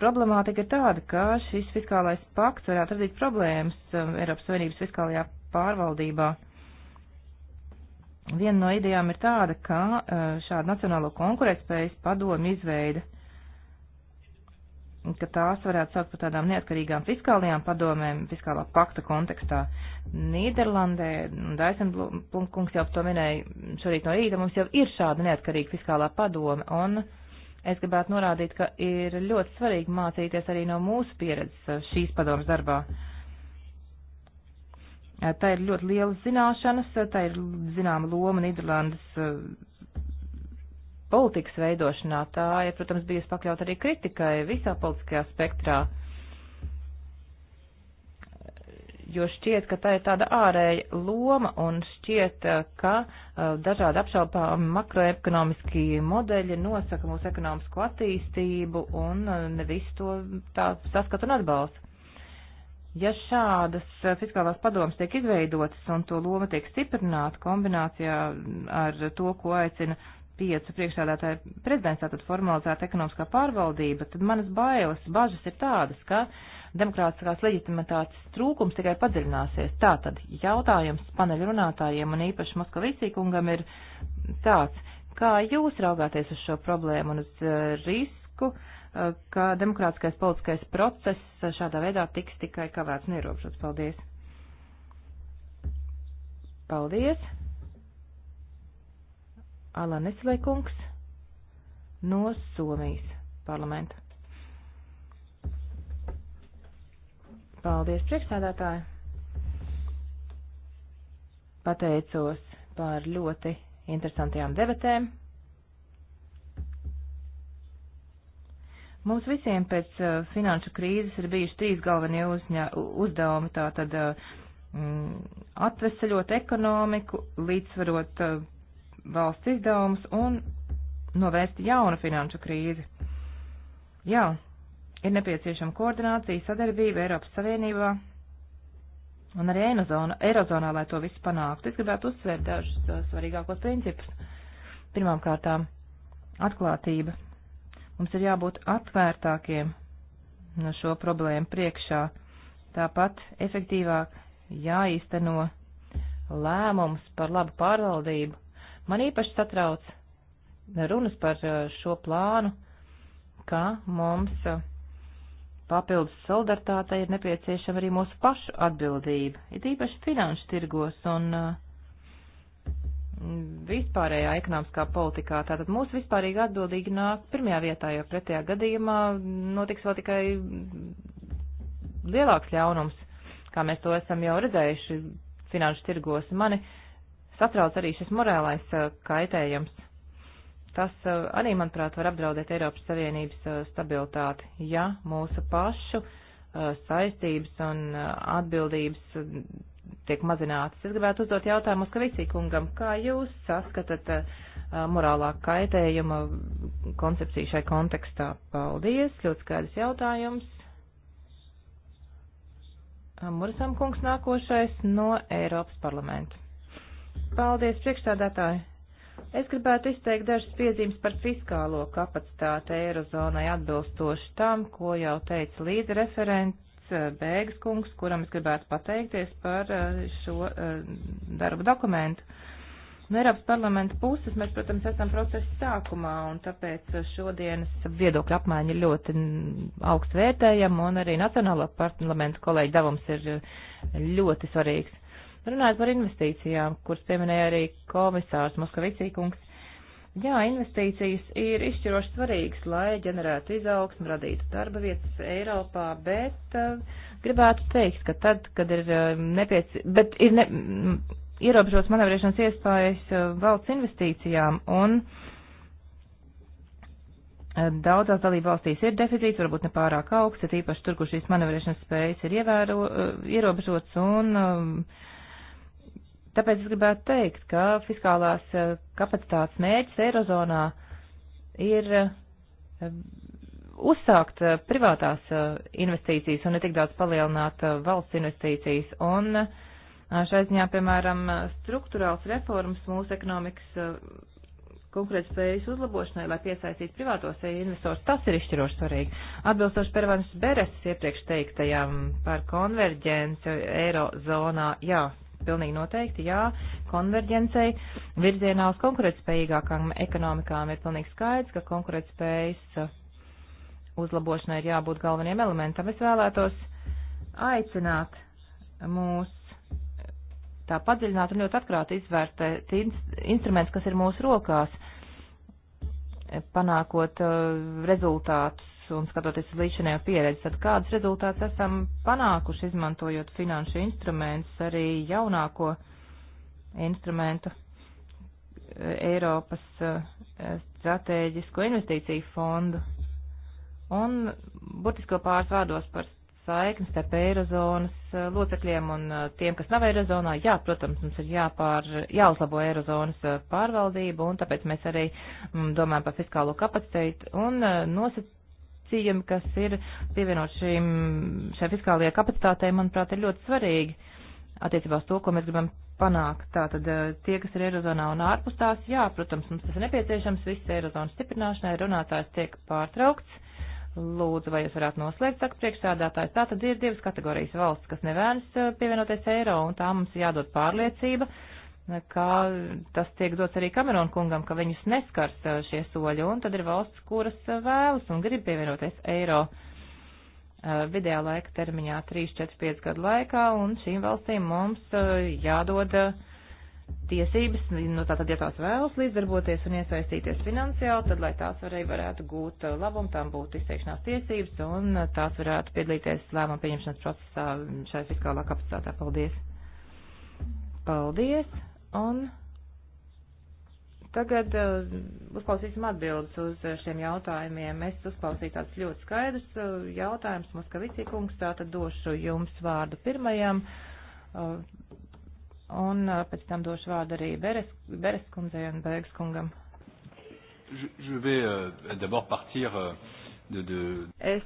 problemātika ir tāda, ka šis fiskālais pakts varētu radīt problēmas Eiropas Savienības fiskālajā pārvaldībā. Viena no idejām ir tāda, ka e, šāda Nacionālo konkurētspējas padomu izveida, ka tās varētu saukt par tādām neatkarīgām fiskālajām padomēm fiskālā pakta kontekstā. Nīderlandē, un Daisenblunkungs jau to minēja šorīt no rīta, mums jau ir šāda neatkarīga fiskālā padome, un es gribētu norādīt, ka ir ļoti svarīgi mācīties arī no mūsu pieredzes e, šīs padomas darbā. Uh, Tā ir ļoti liela zināšanas, tā ir zināma loma Nīderlandes politikas veidošanā. Tā ir, protams, bijusi pakļaut arī kritikai visā politiskajā spektrā, jo šķiet, ka tā ir tāda ārēja loma un šķiet, ka dažādi apšaubām makroekonomiski modeļi nosaka mūsu ekonomisko attīstību un nevis to tā saskatu un atbalstu. Ja šādas eh, fiskālās padomas tiek izveidotas un to loma tiek stiprināta kombinācijā ar to, ko aicina piecu priekšsādātāju prezidents, tātad formalizēta ekonomiskā pārvaldība, tad manas bailes, bažas ir tādas, ka demokrātiskās leģitimitātes trūkums tikai padziļināsies. Tātad jautājums paneļu runātājiem un īpaši Moskavīcī kungam ir tāds, kā jūs raugāties uz šo problēmu un uz eh, risku, uh, ka demokrātiskais politiskais process šādā veidā tiks tikai kavēts un ierobežots. Paldies! Paldies! Alanis Leikungs no Somijas parlamenta. Paldies, priekšsādātāji! Pateicos par ļoti interesantajām debatēm. Mums visiem pēc uh, finanšu krīzes ir bijuši trīs galvenie uzņa, uzdevumi - tātad uh, mm, atveseļot ekonomiku, līdzsvarot uh, valsts izdevumus un novērst jaunu finanšu krīzi. Jā, ir nepieciešama koordinācija, sadarbība Eiropas Savienībā un arī Eirozonā, Eirozonā lai to visu panāktu. Es gribētu uzsvērt dažus uh, svarīgākos principus. Pirmām kārtām - atklātība Mums ir jābūt atvērtākiem no šo problēmu priekšā. Tāpat efektīvāk jāīsteno lēmums par labu pārvaldību. Man īpaši satrauc runas par eh, šo plānu, ka mums eh, papildus solidaritātei ir nepieciešama arī mūsu pašu atbildība, it īpaši finanšu tirgos un uh, vispārējā ekonomiskā politikā. Tātad mūsu vispārīgi atbildīgi nāk pirmajā vietā, jo pretējā gadījumā notiks vēl tikai lielāks ļaunums, kā mēs to esam jau redzējuši finanšu tirgos. Mani satrauc arī šis morālais eh, kaitējums. Tas eh, arī, manuprāt, var apdraudēt Eiropas Savienības eh, stabilitāti, ja mūsu pašu saistības un atbildības tiek mazinātas. Es gribētu uzdot jautājumu Skavicī kungam, kā jūs saskatat eh, morālā kaitējuma koncepciju šai kontekstā? Paldies, ļoti skaidrs jautājums. Murasam kungs nākošais no Eiropas parlamenta. Paldies, priekšstādātāji! Es gribētu izteikt dažas piezīmes par fiskālo kapacitāti Eirozonai atbilstoši tam, ko jau teica līdzreferents Eh, Bēgas kungs, kuram es gribētu pateikties par eh, šo eh, darbu dokumentu. No Eiropas parlamenta puses mēs, protams, esam procesa sākumā, un tāpēc šodienas viedokļa apmaiņa ir ļoti mm, augsts vērtējama, un arī Nacionālo parlamentu kolēģi devums ir ļoti svarīgs. Runājot par investīcijām, kuras pieminēja arī komisārs Moskavicī kungs, Jā, investīcijas ir izšķiroši svarīgas, lai ģenerētu izaugsmu, radītu darba vietas Eiropā, bet uh, gribētu teikt, ka tad, kad ir uh, eh, nepieci, bet ir ne, mm, ierobežots manevrēšanas iespējas uh, valsts investīcijām un uh, Daudzās dalībvalstīs ir deficīts, varbūt ne pārāk augsts, ir īpaši tur, kur šīs manevrēšanas spējas ir ievēro, ierobežots un Tāpēc es gribētu teikt, ka fiskālās eh, kapacitātes mērķis Eirozonā ir eh, uzsākt eh, privātās investīcijas un ne tik daudz palielināt valsts investīcijas. Un šai ziņā, piemēram, struktūrāls reformas mūsu ekonomikas konkurētspējas uzlabošanai, lai piesaistītu privātos investors, tas ir izšķiroši svarīgi. Atbilstoši Pervanas Beres iepriekš teiktajam par konverģenci eirozonā, jā, Pilnīgi noteikti, jā, konverģencei virzienā uz konkurētspējīgākām ekonomikām ir pilnīgi skaidrs, ka konkurētspējas uh, uzlabošanai ir jābūt galveniem elementam. Es vēlētos aicināt mūs tā padziļināt un ļoti atklāti izvērtēt instruments, kas ir mūsu rokās, panākot uh, rezultātus un skatoties uz līdzinējo pieredzi, tad kādas rezultāts esam panākuši izmantojot finanšu instrumentus, arī jaunāko instrumentu eh, Eiropas eh, strateģisko investīciju fondu un burtisko pāris vārdos par saiknes starp Eirozonas eh, locekļiem un tiem, kas nav Eirozonā. Jā, protams, mums ir jāpār, jāuzlabo Eirozonas pārvaldība, un tāpēc mēs arī mm, domājam par fiskālo kapacitāti un nosac, nosacījumi, kas ir pievienot šīm, šai fiskālajai kapacitātei, manuprāt, ir ļoti svarīgi attiecībā uz to, ko mēs gribam panākt. Tātad eh, tie, kas ir Eirozonā un ārpus tās, jā, protams, mums tas ir nepieciešams, viss Eirozonas stiprināšanai runātājs tiek pārtraukts. Lūdzu, vai jūs varētu noslēgt, saka priekšsādātājs. Tātad ir divas kategorijas valsts, kas nevēlas eh, pievienoties eiro, un tā mums jādod pārliecība. Uh, kā tas tiek dots arī Kamerona kungam, ka viņus neskars uh, šie soļi, un tad ir valsts, kuras uh, vēlas un grib pievienoties eiro uh, vidējā laika termiņā 3, 4, 5 gadu laikā, un šīm valstīm mums jādod tiesības, nu tātad, ja tās vēlas līdzdarboties un iesaistīties finansiāli, tad, lai tās arī varētu gūt labumu, tām būtu izteikšanās tiesības, un tās varētu piedalīties lēmumu pieņemšanas procesā um, šai fiskālā kapacitātē. Paldies! Paldies! Un tagad eh, uzklausīsim atbildes uz eh, šiem jautājumiem. Es uzklausīju tāds ļoti skaidrs eh, jautājums, Moskavicī kungs, tātad došu jums vārdu pirmajam. Un pēc tam došu vārdu arī Beres, Beres kundzei un Bēgs kungam. Je, je vais euh, d'abord partir euh, de, de... Es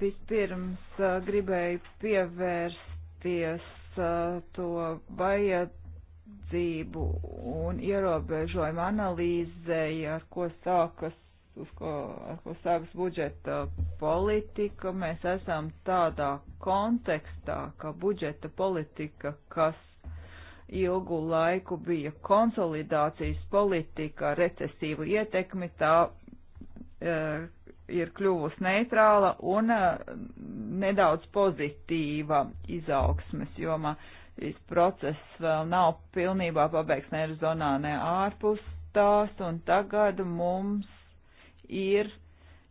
vispirms uh, gribēju pievērsties uh, to vajad palīdzību un ierobežojumu analīzei, ar ko sākas, uz ko, ar ko sākas budžeta politika, mēs esam tādā kontekstā, ka budžeta politika, kas ilgu laiku bija konsolidācijas politika, recesīvu ietekmi, tā e, ir kļuvusi neitrāla un e, nedaudz pozitīva izaugsmes jomā. E, šis process vēl nav pilnībā pabeigts ne Arizonā, ne ārpus tās, un tagad mums ir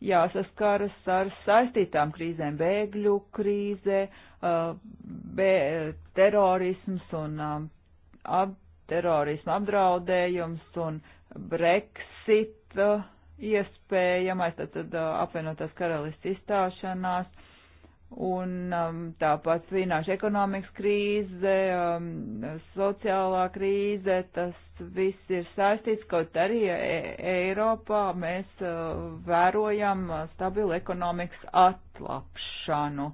jāsaskaras ar saistītām krīzēm - bēgļu krīze, uh, bē, terorisms un um, ap, terorismu apdraudējums un Brexit uh, iespējamais, tad, tad uh, apvienotās karalists izstāšanās un um, tāpat finanšu ekonomikas krīze, um, sociālā krīze, tas viss ir saistīts, kaut arī e Eiropā mēs uh, vērojam uh, stabilu ekonomikas atlapšanu.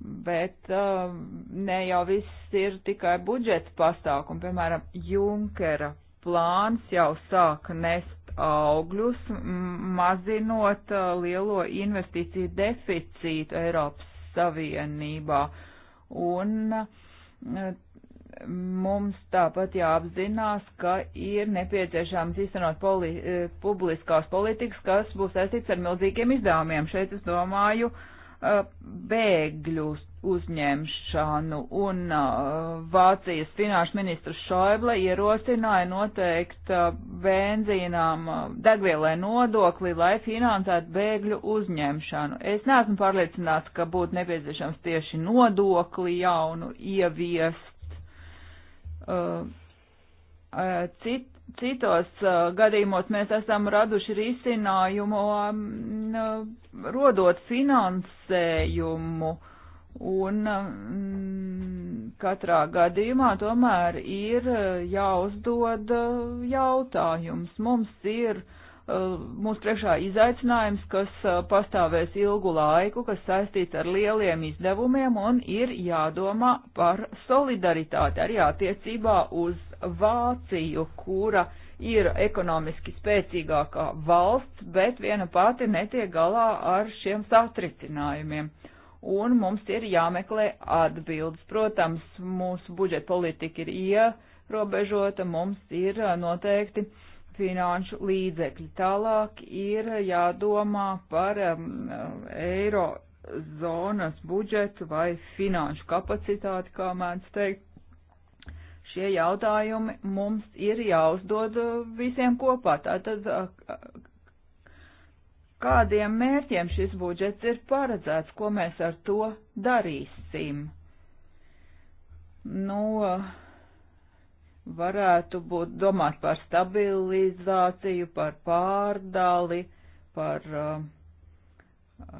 Bet um, ne jau viss ir tikai budžets pastāvkumi, piemēram, Junkera plāns jau sāk nest augļus, mazinot uh, lielo investīciju deficītu Eiropas Savienībā. Un mm, mums tāpat jāapzinās, ka ir nepieciešams īstenot poli eh, publiskās politikas, kas būs saistīts ar milzīgiem izdevumiem. Šeit es domāju, uh, Uh, bēgļu uzņemšanu, un uh, Vācijas finanšu ministrs Šoible ierosināja noteikt uh, benzīnām degvielai nodokli, lai finansētu bēgļu uzņemšanu. Es neesmu pārliecināts, ka būtu nepieciešams tieši nodokli jaunu ieviest. Cit, citos uh, gadījumos mēs esam raduši risinājumu, um, uh, rodot finansējumu, un um, katrā gadījumā tomēr ir uh, jāuzdod uh, jautājums. Mums ir uh, mūsu priekšā izaicinājums, kas uh, pastāvēs ilgu laiku, kas saistīts ar lieliem izdevumiem, un ir jādomā par solidaritāti arī attiecībā uz Vāciju, kura ir ekonomiski spēcīgākā valsts, bet viena pati netiek galā ar šiem satricinājumiem. Un mums ir jāmeklē atbildes. Protams, mūsu budžeta politika ir ierobežota, mums ir noteikti finanšu līdzekļi. Tālāk ir jādomā par um, eiro zonas budžetu vai finanšu kapacitāti, kā mēdz teikt. Šie jautājumi mums ir jāuzdod uh, visiem kopā. Tātad, uh, kādiem mērķiem šis budžets ir paredzēts, ko mēs ar to darīsim? Nu, uh, varētu būt domāt par stabilizāciju, par pārdali, par uh,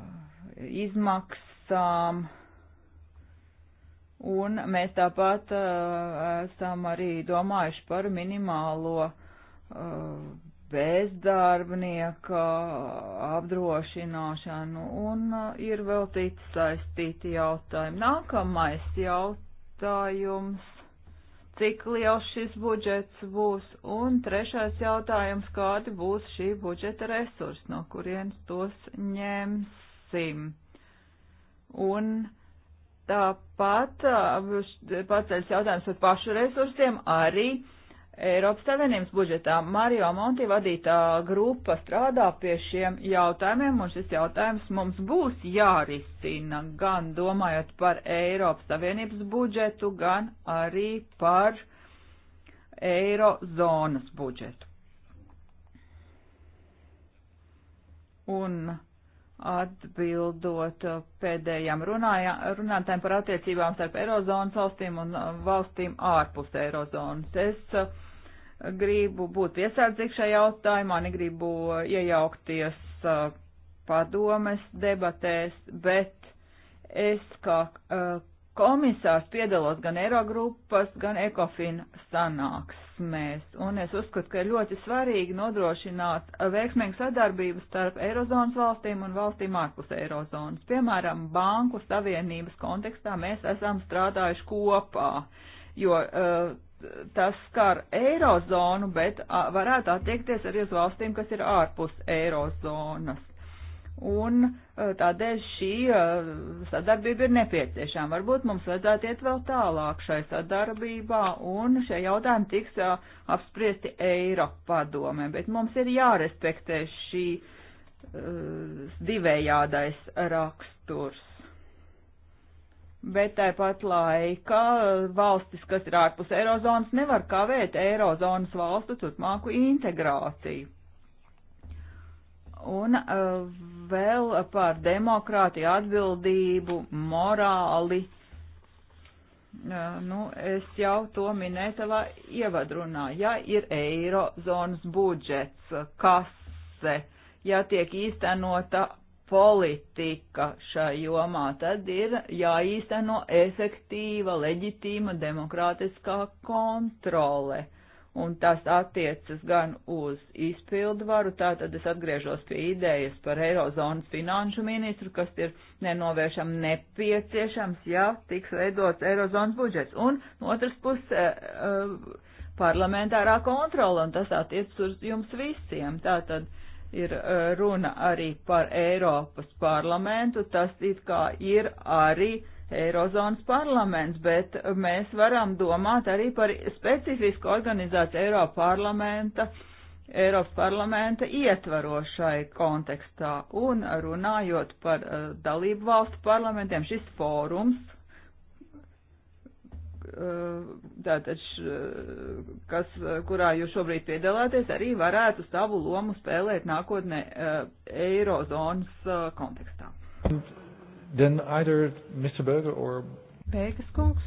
izmaksām. Uh, Un mēs tāpat uh, esam arī domājuši par minimālo uh, bezdarbnieka apdrošināšanu, un uh, ir vēl citi saistīti jautājumi. Nākamais jautājums - cik liels šis budžets būs, un trešais jautājums - kādi būs šī budžeta resursi, no kurienes tos ņemsim. Un, uh, Tāpat paceļas jautājums par pašu resursiem arī Eiropas Savienības budžetā. Mario Monti vadītā grupa strādā pie šiem jautājumiem, un šis jautājums mums būs jārisina gan domājot par Eiropas Savienības budžetu, gan arī par Eirozonas budžetu. Un atbildot uh, pēdējām runājā, runātājiem par attiecībām starp Eirozonas valstīm un uh, valstīm ārpus Eirozonas. Es uh, gribu būt piesardzīgs šajā jautājumā, negribu iejaukties padomes debatēs, bet es kā komisārs piedalos gan Eirogrupas, gan Ekofin sanāksmēs, un es uzskatu, ka ir ļoti svarīgi nodrošināt veiksmīgu sadarbību starp Eirozonas valstīm un valstīm ārpus Eirozonas. Piemēram, Banku Savienības kontekstā mēs esam strādājuši kopā, jo uh, tas skar Eirozonu, bet uh, varētu attiekties arī uz valstīm, kas ir ārpus Eirozonas un e, tādēļ šī e, sadarbība ir nepieciešama. Varbūt mums vajadzētu iet vēl tālāk šai sadarbībā, un šie jautājumi tiks e, apspriesti Eiropadomē, bet mums ir jārespektē šī divējādais raksturs. Bet tāpat laikā valstis, kas ir ārpus Eirozonas, nevar kavēt Eirozonas valstu turpmāku integrāciju Un eh, vēl par demokrātiju, atbildību, morāli. Eh, nu, es jau to minēju tavā ievadrunā. Ja ir eirozonas budžets, kase, ja tiek īstenota politika šai jomā, tad ir jāīsteno efektīva, leģitīma, demokrātiskā kontrole. Uh, un tas attiecas gan uz izpildvaru, tātad es atgriežos pie idejas par Eirozonas finanšu ministru, kas ir nenovēršam nepieciešams, ja tiks veidots Eirozonas budžets. Un no otras puses eh, eh parlamentārā kontrola, un tas attiecas uz jums visiem. Tātad ir eh, runa arī par Eiropas parlamentu, tas it kā ir arī uh, Eirozonas parlaments, bet mēs varam domāt arī par specifisku organizāciju Eiropas parlamenta, Eiropas parlamenta ietvarošai kontekstā. Un runājot par uh, dalību valstu parlamentiem, šis fórums, uh, tātad, š, kas, kurā jūs šobrīd piedalāties, arī varētu savu lomu spēlēt nākotnē uh, Eirozonas kontekstā. Then either Mr. Berger or. Bēgas kungs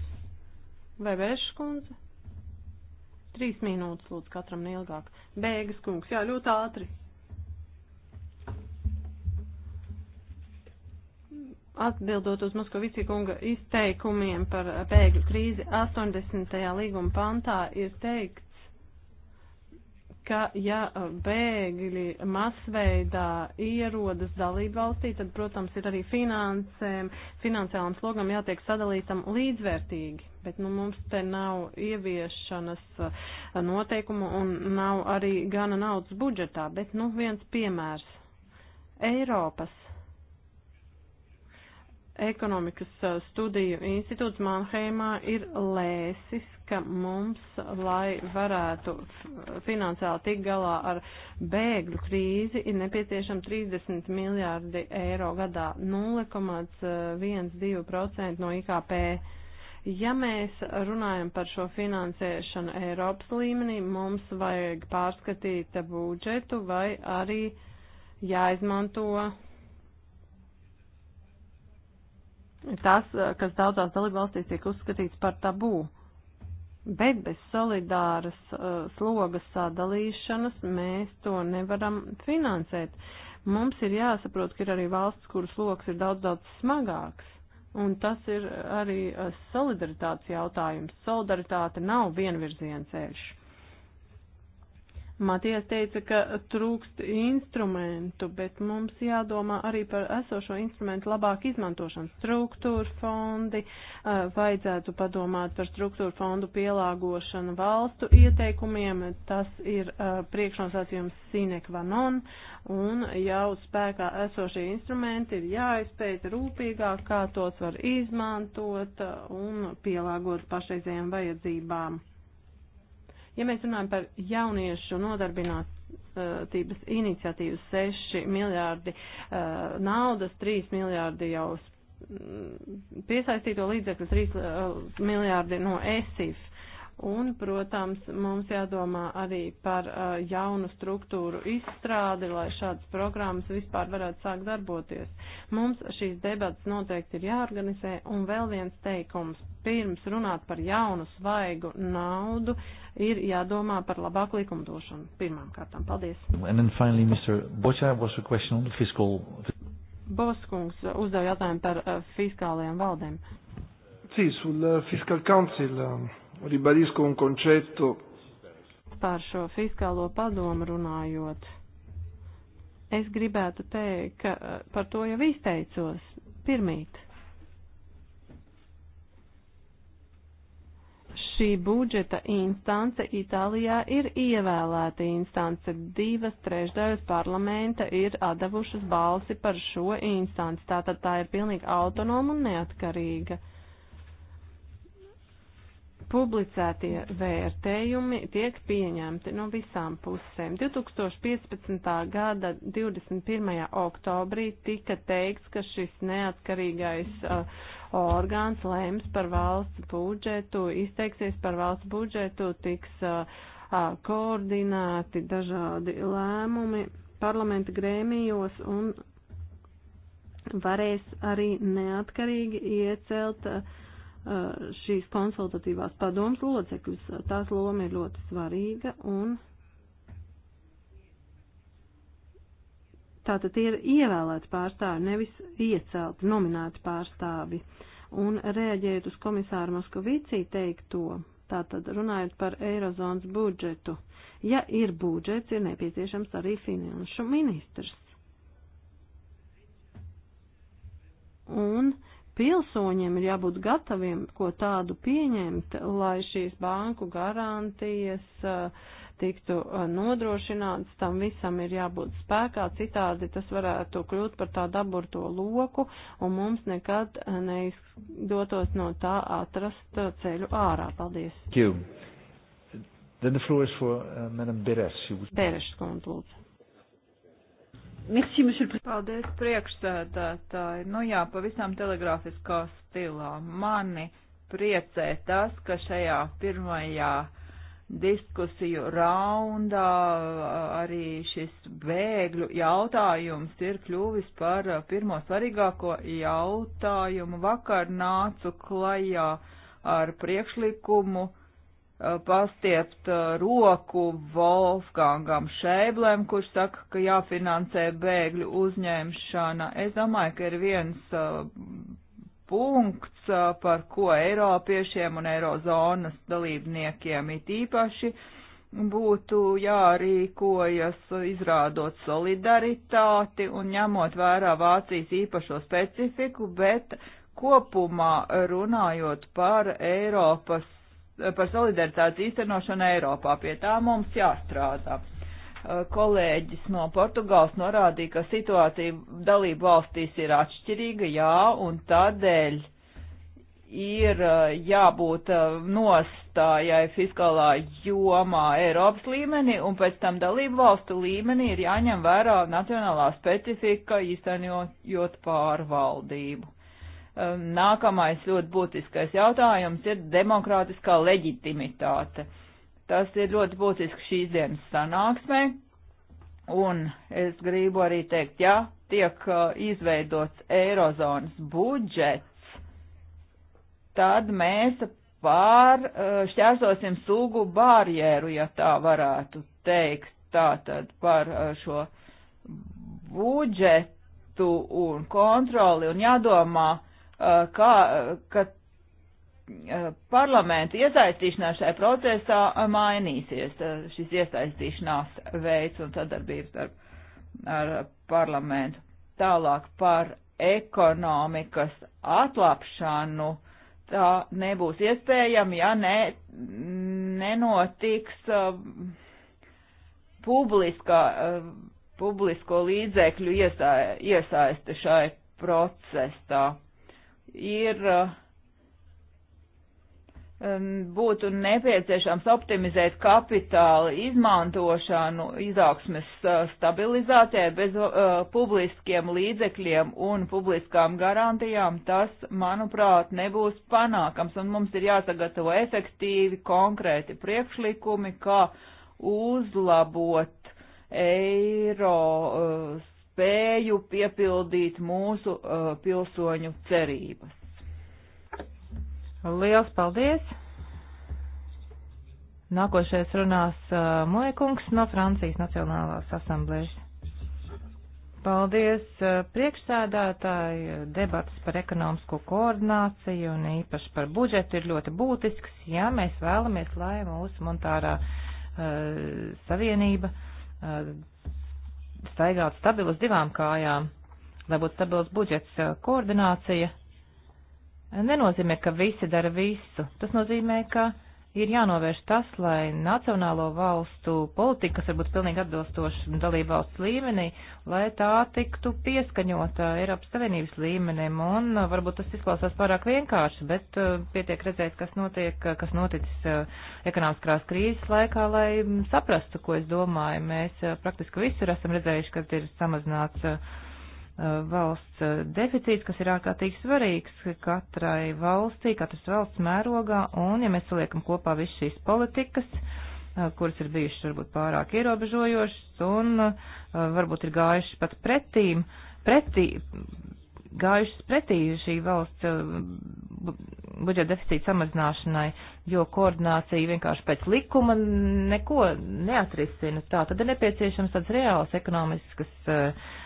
vai Bēžas kundze? Trīs minūtes, lūdzu, katram neilgāk. Bēgas kungs, jā, ļoti ātri. Atbildot uz Moskavici kunga izteikumiem par bēgļu krīzi, 80. līguma pantā ir teikts, ka ja bēgļi masveidā ierodas dalību valstī, tad, protams, ir arī finansēm, finansiālam slogam jātiek sadalītam līdzvērtīgi. Bet nu, mums te nav ieviešanas uh, noteikumu un nav arī gana naudas budžetā. Bet nu, viens piemērs. Eiropas ekonomikas uh, studiju institūts Manheimā ir lēsis ka mums, lai varētu finansiāli tik galā ar bēgļu krīzi, ir nepieciešama 30 miljārdi eiro gadā, 0,12% eh, no IKP. Ja mēs runājam par šo finansēšanu Eiropas līmenī, mums vajag pārskatīt budžetu vai arī jāizmanto tas, kas daudzās dalībvalstīs tiek uzskatīts par tabū. Bet bez solidāras uh, eh, slogas sadalīšanas mēs to nevaram finansēt. Mums ir jāsaprot, ka ir arī valsts, kuras sloks ir daudz, daudz smagāks. Un tas ir arī eh, solidaritātes jautājums. Solidaritāte nav vienvirziena ceļš. Matijas teica, ka trūkst instrumentu, bet mums jādomā arī par esošo instrumentu labāku izmantošanu. Struktūra fondi, vajadzētu padomāt par struktūra fondu pielāgošanu valstu ieteikumiem, tas ir priekšnosacījums sine qua non, un jau spēkā esošie instrumenti ir jāizpēta rūpīgāk, kā tos var izmantot un pielāgot pašreizējām vajadzībām. Ja mēs runājam par jauniešu nodarbinātības iniciatīvu 6 miljārdi uh, naudas, 3 miljārdi jau mm, piesaistīto līdzekļu, 3 eh, miljārdi no ESIF. Un, protams, mums jādomā arī par uh, jaunu struktūru izstrādi, lai šādas programmas vispār varētu sākt darboties. Mums šīs debatas noteikti ir jāorganizē. Un vēl viens teikums. Pirms runāt par jaunu svaigu naudu, ir jādomā par labāku likumdošanu. Pirmām kārtām, paldies. Finally, Bočā, fiscal... Boskungs uzdev jautājumu par uh, fiskālajām valdēm. Sí, sul uh, Fiscal Council. Um ribadisco un concetto. Par šo fiskālo padomu runājot, es gribētu teikt, ka eh, par to jau izteicos pirmīt. Šī budžeta instance Itālijā ir ievēlēta instance. Divas trešdaļas parlamenta ir atdevušas balsi par šo instanci. Tātad tā ir pilnīgi autonoma un neatkarīga. Uh, publicētie vērtējumi tiek pieņemti no visām pusēm. 2015. gada 21. oktobrī tika teikts, ka šis neatkarīgais uh, orgāns lems par valsts budžetu, izteiksies par valsts budžetu, tiks uh, uh, koordinēti dažādi lēmumi parlamenta grēmijos un varēs arī neatkarīgi iecelt uh, šīs konsultatīvās padomas locekļus. Tās loma ir ļoti svarīga un tātad ir ievēlēti pārstāvi, nevis iecelti, nominēti pārstāvi. Un reaģējot uz komisāru Moskavīcī teikto, tātad runājot par Eirozonas budžetu, ja ir budžets, ir nepieciešams arī finanšu ministrs. Un uh, pilsoņiem ir jābūt gataviem ko tādu pieņemt, lai šīs banku garantijas eh, tiktu eh, nodrošināts, tam visam ir jābūt spēkā, citādi tas varētu kļūt par tādu aburto loku, un mums nekad eh, neizdotos no tā atrast ceļu ārā. Paldies! Then the floor is for uh, Madam Beres. She was... Beres, kundze, lūdzu. Merci, monsieur le Paldies, priekšsēdētāji. Nu jā, pavisam telegrāfiskā stilā. Mani priecē tas, ka šajā pirmajā diskusiju raundā arī šis bēgļu jautājums ir kļuvis par pirmo svarīgāko jautājumu. Vakar nācu klajā ar priekšlikumu Eh, pastiept eh, roku Wolfgangam Šeiblēm, kurš saka, ka jāfinansē bēgļu uzņemšana. Es domāju, ka ir viens eh, punkts, par ko Eiropiešiem un Eirozonas dalībniekiem it īpaši būtu jārīkojas, izrādot solidaritāti un ņemot vērā Vācijas īpašo specifiku, bet kopumā runājot par Eiropas Eh, par solidaritātes īstenošanu Eiropā. Pie tā mums jāstrādā. Eh, kolēģis no Portugāles norādīja, ka situācija dalību valstīs ir atšķirīga, jā, un tādēļ ir eh, jābūt nostājai fiskālā jomā Eiropas līmenī, un pēc tam dalību valstu līmenī ir jāņem vērā nacionālā specifika, īstenojot pārvaldību. Um, nākamais ļoti būtiskais jautājums ir demokrātiskā leģitimitāte. Tas ir ļoti būtiski šīs dienas sanāksmē, un es gribu arī teikt, ja tiek uh, izveidots Eirozonas budžets, tad mēs pār uh, šķērsosim sugu barjeru, ja tā varētu teikt, tātad par uh, šo budžetu un kontroli, un jādomā, Eh, kā, ka eh, parlamenta iesaistīšanās šajā procesā mainīsies, eh, šis iesaistīšanās veids un sadarbības ar, ar parlamentu. Tālāk par ekonomikas atlapšanu tā nebūs iespējama, ja ne, nenotiks uh, publiskā, uh, publisko līdzekļu iesa, iesaiste šai procesā ir um, būtu nepieciešams optimizēt kapitāla izmantošanu izaugsmes uh, stabilizācijai bez uh, publiskiem līdzekļiem un publiskām garantijām, tas, manuprāt, nebūs panākams. Un mums ir jāsagatavo efektīvi, konkrēti priekšlikumi, kā uzlabot eiro uh, spēju piepildīt mūsu uh, pilsoņu cerības. Liels paldies! Nākošais runās uh, Moekungs no Francijas Nacionālās asamblējas. Paldies uh, priekšsēdētāji. Debats par ekonomisko koordināciju un īpaši par budžetu ir ļoti būtisks, ja mēs vēlamies, lai mūsu monetārā uh, savienība uh, staigāt stabilu uz divām kājām, lai būtu stabils budžets eh, koordinācija, nenozīmē, ka visi dara visu. Tas nozīmē, ka ir jānovērš tas, lai nacionālo valstu politika, kas varbūt pilnīgi atbilstoši dalību valsts līmenī, lai tā tiktu pieskaņota Eiropas Savienības līmenim. Un uh, varbūt tas izklausās pārāk vienkārši, bet uh, pietiek redzēt, kas notiek, uh, kas noticis ekonomiskās krīzes laikā, lai mm, saprastu, ko es domāju. Mēs praktiski visur esam redzējuši, kad ir samazināts Uh, valsts uh, deficīts, kas ir ārkārtīgi svarīgs katrai valstī, katras valsts mērogā, un ja mēs saliekam kopā visas šīs politikas, uh, kuras ir bijušas varbūt pārāk ierobežojošas un varbūt ir gājušas pat pretīm, pretī, gājušas pretī šī valsts budžeta deficīta samazināšanai, jo koordinācija vienkārši pēc likuma neko neatrisina. Tā tad ir nepieciešams tāds reāls ekonomisks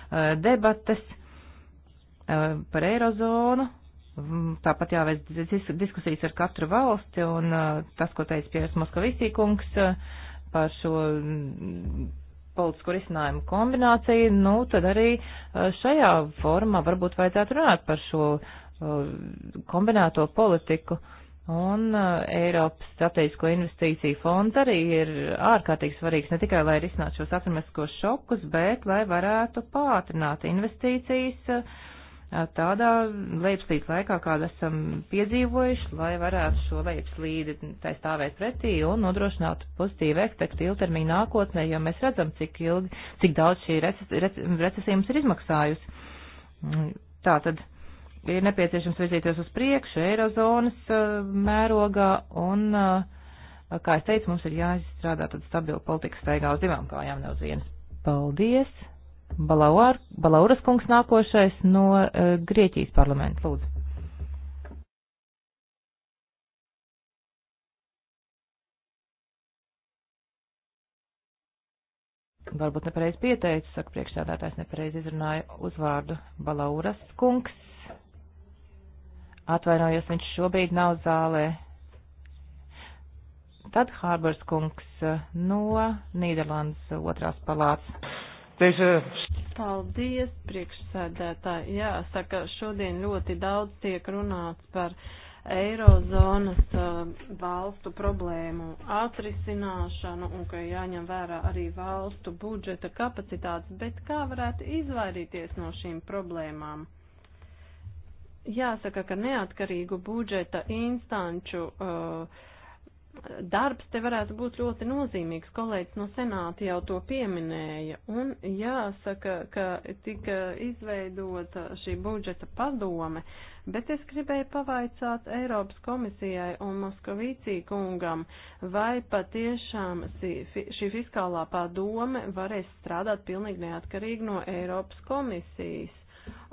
Eh, debates eh, par Eirozonu. Mm, tāpat jāveic diskusijas ar katru valsti, un eh, tas, ko teica Piers Moskavisī kungs par šo mm, politisko risinājumu kombināciju, nu, tad arī šajā formā varbūt vajadzētu runāt par šo kombinēto politiku. Uh, Un uh, Eiropas strateģisko investīciju fonds arī ir ārkārtīgi svarīgs ne tikai, lai risinātu šos ekonomiskos šokus, bet lai varētu pātrināt investīcijas uh, tādā lejupslīdes laikā, kādu esam piedzīvojuši, lai varētu šo lejupslīdi tai stāvēt pretī un nodrošinātu pozitīvu efektu ilgtermiņu nākotnē, jo mēs redzam, cik ilgi, cik daudz šī recesija mums ir izmaksājusi. Mm, Tātad. tad ir nepieciešams virzīties uz priekšu Eirozonas eh, mērogā un, eh, kā es teicu, mums ir jāizstrādā tad stabila politika staigā uz divām kājām, ne uz vienas. Paldies! Balauar, Balauras kungs nākošais no uh, Grieķijas parlamenta, lūdzu. Varbūt nepareizi pieteicu, saka priekšstādātājs nepareizi izrunāja uzvārdu Balauras kungs. Atvainojos, viņš šobrīd nav zālē. Tad Hārbors kungs eh, no Nīderlandes otrās palātas. Tieši. Paldies, priekšsēdētāji. Jā, saka, šodien ļoti daudz tiek runāts par eirozonas eh, valstu problēmu atrisināšanu un ka jāņem vērā arī valstu budžeta kapacitātes, bet kā varētu izvairīties no šīm problēmām? Jāsaka, ka neatkarīgu budžeta instanču uh, darbs te varētu būt ļoti nozīmīgs. Kolēģis no senāta jau to pieminēja. Un jāsaka, ka tika izveidota šī budžeta padome, bet es gribēju pavaicāt Eiropas komisijai un Moskavīcī kungam, vai patiešām šī fiskālā padome varēs strādāt pilnīgi neatkarīgi no Eiropas komisijas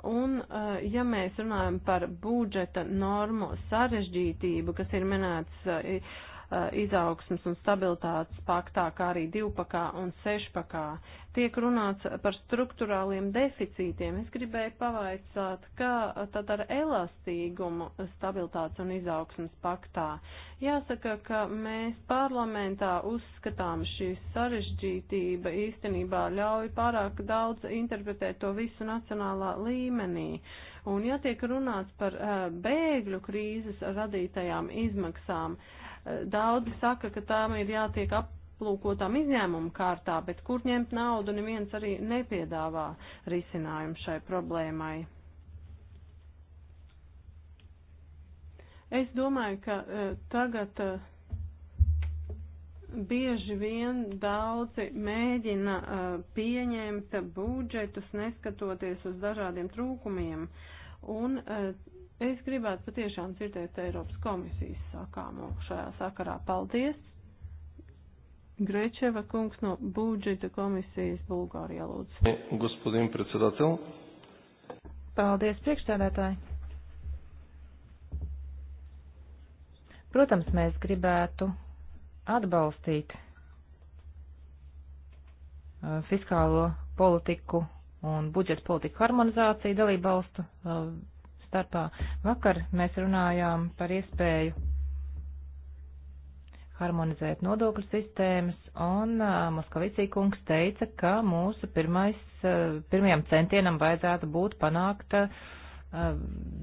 Un, eh, ja mēs runājam par budžeta normu sarežģītību, kas ir minēts eh, Eh, izaugsmas un stabilitātes paktā, kā arī divpakā un sešpakā. Tiek runāts par struktūrāliem deficītiem. Es gribēju pavaicāt, kā tad ar elastīgumu stabilitātes un izaugsmas paktā. Jāsaka, ka mēs parlamentā uzskatām šī sarežģītība īstenībā ļauj pārāk daudz interpretēt to visu nacionālā līmenī. Un ja tiek runāts par uh, bēgļu krīzes radītajām izmaksām, uh, Daudzi saka, ka tām ir jātiek aplūkotām izņēmumu kārtā, bet kur ņemt naudu, neviens arī nepiedāvā risinājumu šai problēmai. Es domāju, ka e, tagad e, bieži vien daudzi mēģina e, pieņemt budžetus, neskatoties uz dažādiem trūkumiem. Un Es gribētu patiešām dzirdēt Eiropas komisijas sākāmo šajā sakarā. Paldies! Grečeva kungs no budžeta komisijas Bulgārijā lūdzu. E, gospodin predsedatel. Paldies, priekšstādātāji. Protams, mēs gribētu atbalstīt e, fiskālo politiku un budžeta politiku harmonizāciju dalību valstu e, starpā. Vakar mēs runājām par iespēju harmonizēt nodokļu sistēmas, un uh, Moskavicī kungs teica, ka mūsu pirmais, uh, pirmajam centienam vajadzētu būt panākt uh,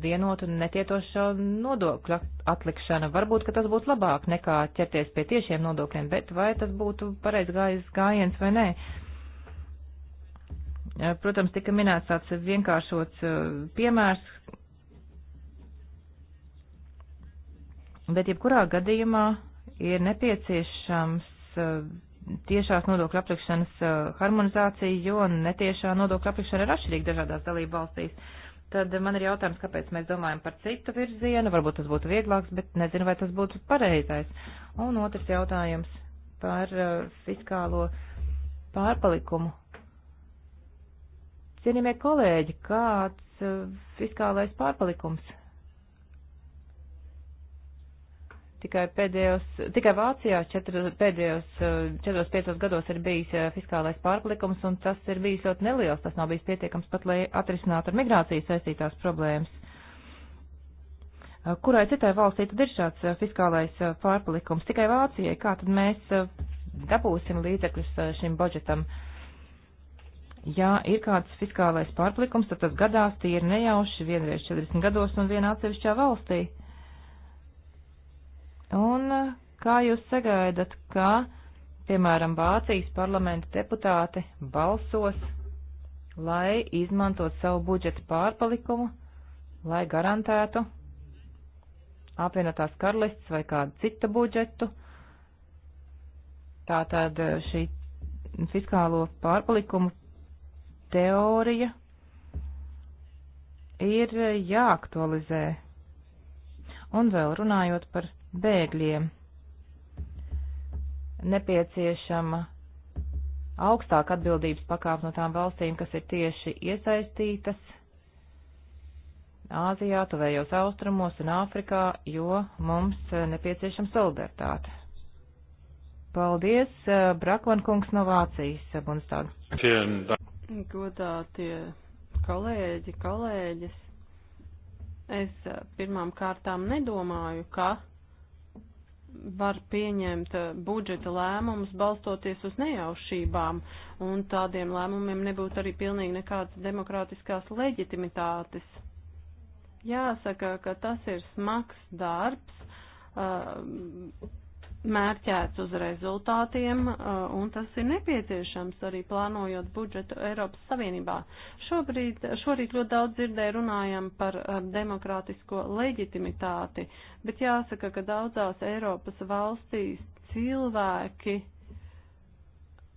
vienotu netietošo nodokļu atlikšana. Varbūt, ka tas būtu labāk nekā ķerties pie tiešiem nodokļiem, bet vai tas būtu pareiz gājis gājiens vai nē? Protams, tika minēts tāds vienkāršots piemērs, Bet jebkurā gadījumā ir nepieciešams uh, tiešās nodokļu aplikšanas uh, harmonizācija, jo netiešā nodokļu aplikšana ir atšķirīga dažādās dalību valstīs. Tad man ir jautājums, kāpēc mēs domājam par citu virzienu, varbūt tas būtu vieglāks, bet nezinu, vai tas būtu pareizais. Un otrs jautājums par uh, fiskālo pārpalikumu. Cienījamie kolēģi, kāds fiskālais pārpalikums Tikai, pēdējos, tikai Vācijā četru, pēdējos 4-5 eh, gados ir bijis eh, fiskālais pārpalikums, un tas ir bijis ļoti neliels. Tas nav bijis pietiekams pat, lai atrisinātu ar migrācijas saistītās problēmas. Eh, kurai citai valstī tad ir šāds fiskālais pārpalikums? Tikai Vācijai. Kā tad mēs dabūsim līdzekļus šim budžetam? Ja ir kāds fiskālais pārpalikums, tad tas gadās tīri nejauši vienreiz 40 gados un vienā atsevišķā valstī. Un eh, kā jūs sagaidat, ka, piemēram, Vācijas parlamenta deputāti balsos, lai izmantot savu budžeta pārpalikumu, lai garantētu apvienotās karalists vai kādu citu budžetu. Tātad eh, šī fiskālo pārpalikumu teorija ir jāaktualizē. Un vēl runājot par bēgļiem nepieciešama augstāka atbildības pakāp no tām valstīm, kas ir tieši iesaistītas Āzijā, tuvējos austrumos un Āfrikā, jo mums eh, nepieciešama solidaritāte. Paldies, eh, Braklankungs no Vācijas eh, Bundestāga. Godā tie kolēģi, kolēģis. Es pirmām kārtām nedomāju, ka var pieņemt budžeta lēmumus balstoties uz nejaušībām, un tādiem lēmumiem nebūtu arī pilnīgi nekādas demokrātiskās leģitimitātes. Jāsaka, ka tas ir smags darbs. Uh, mērķēts uz rezultātiem, uh, un tas ir nepieciešams arī plānojot budžetu Eiropas Savienībā. Šobrīd, šorīt ļoti daudz dzirdēju runājam par uh, demokrātisko leģitimitāti, bet jāsaka, ka daudzās Eiropas valstīs cilvēki uh,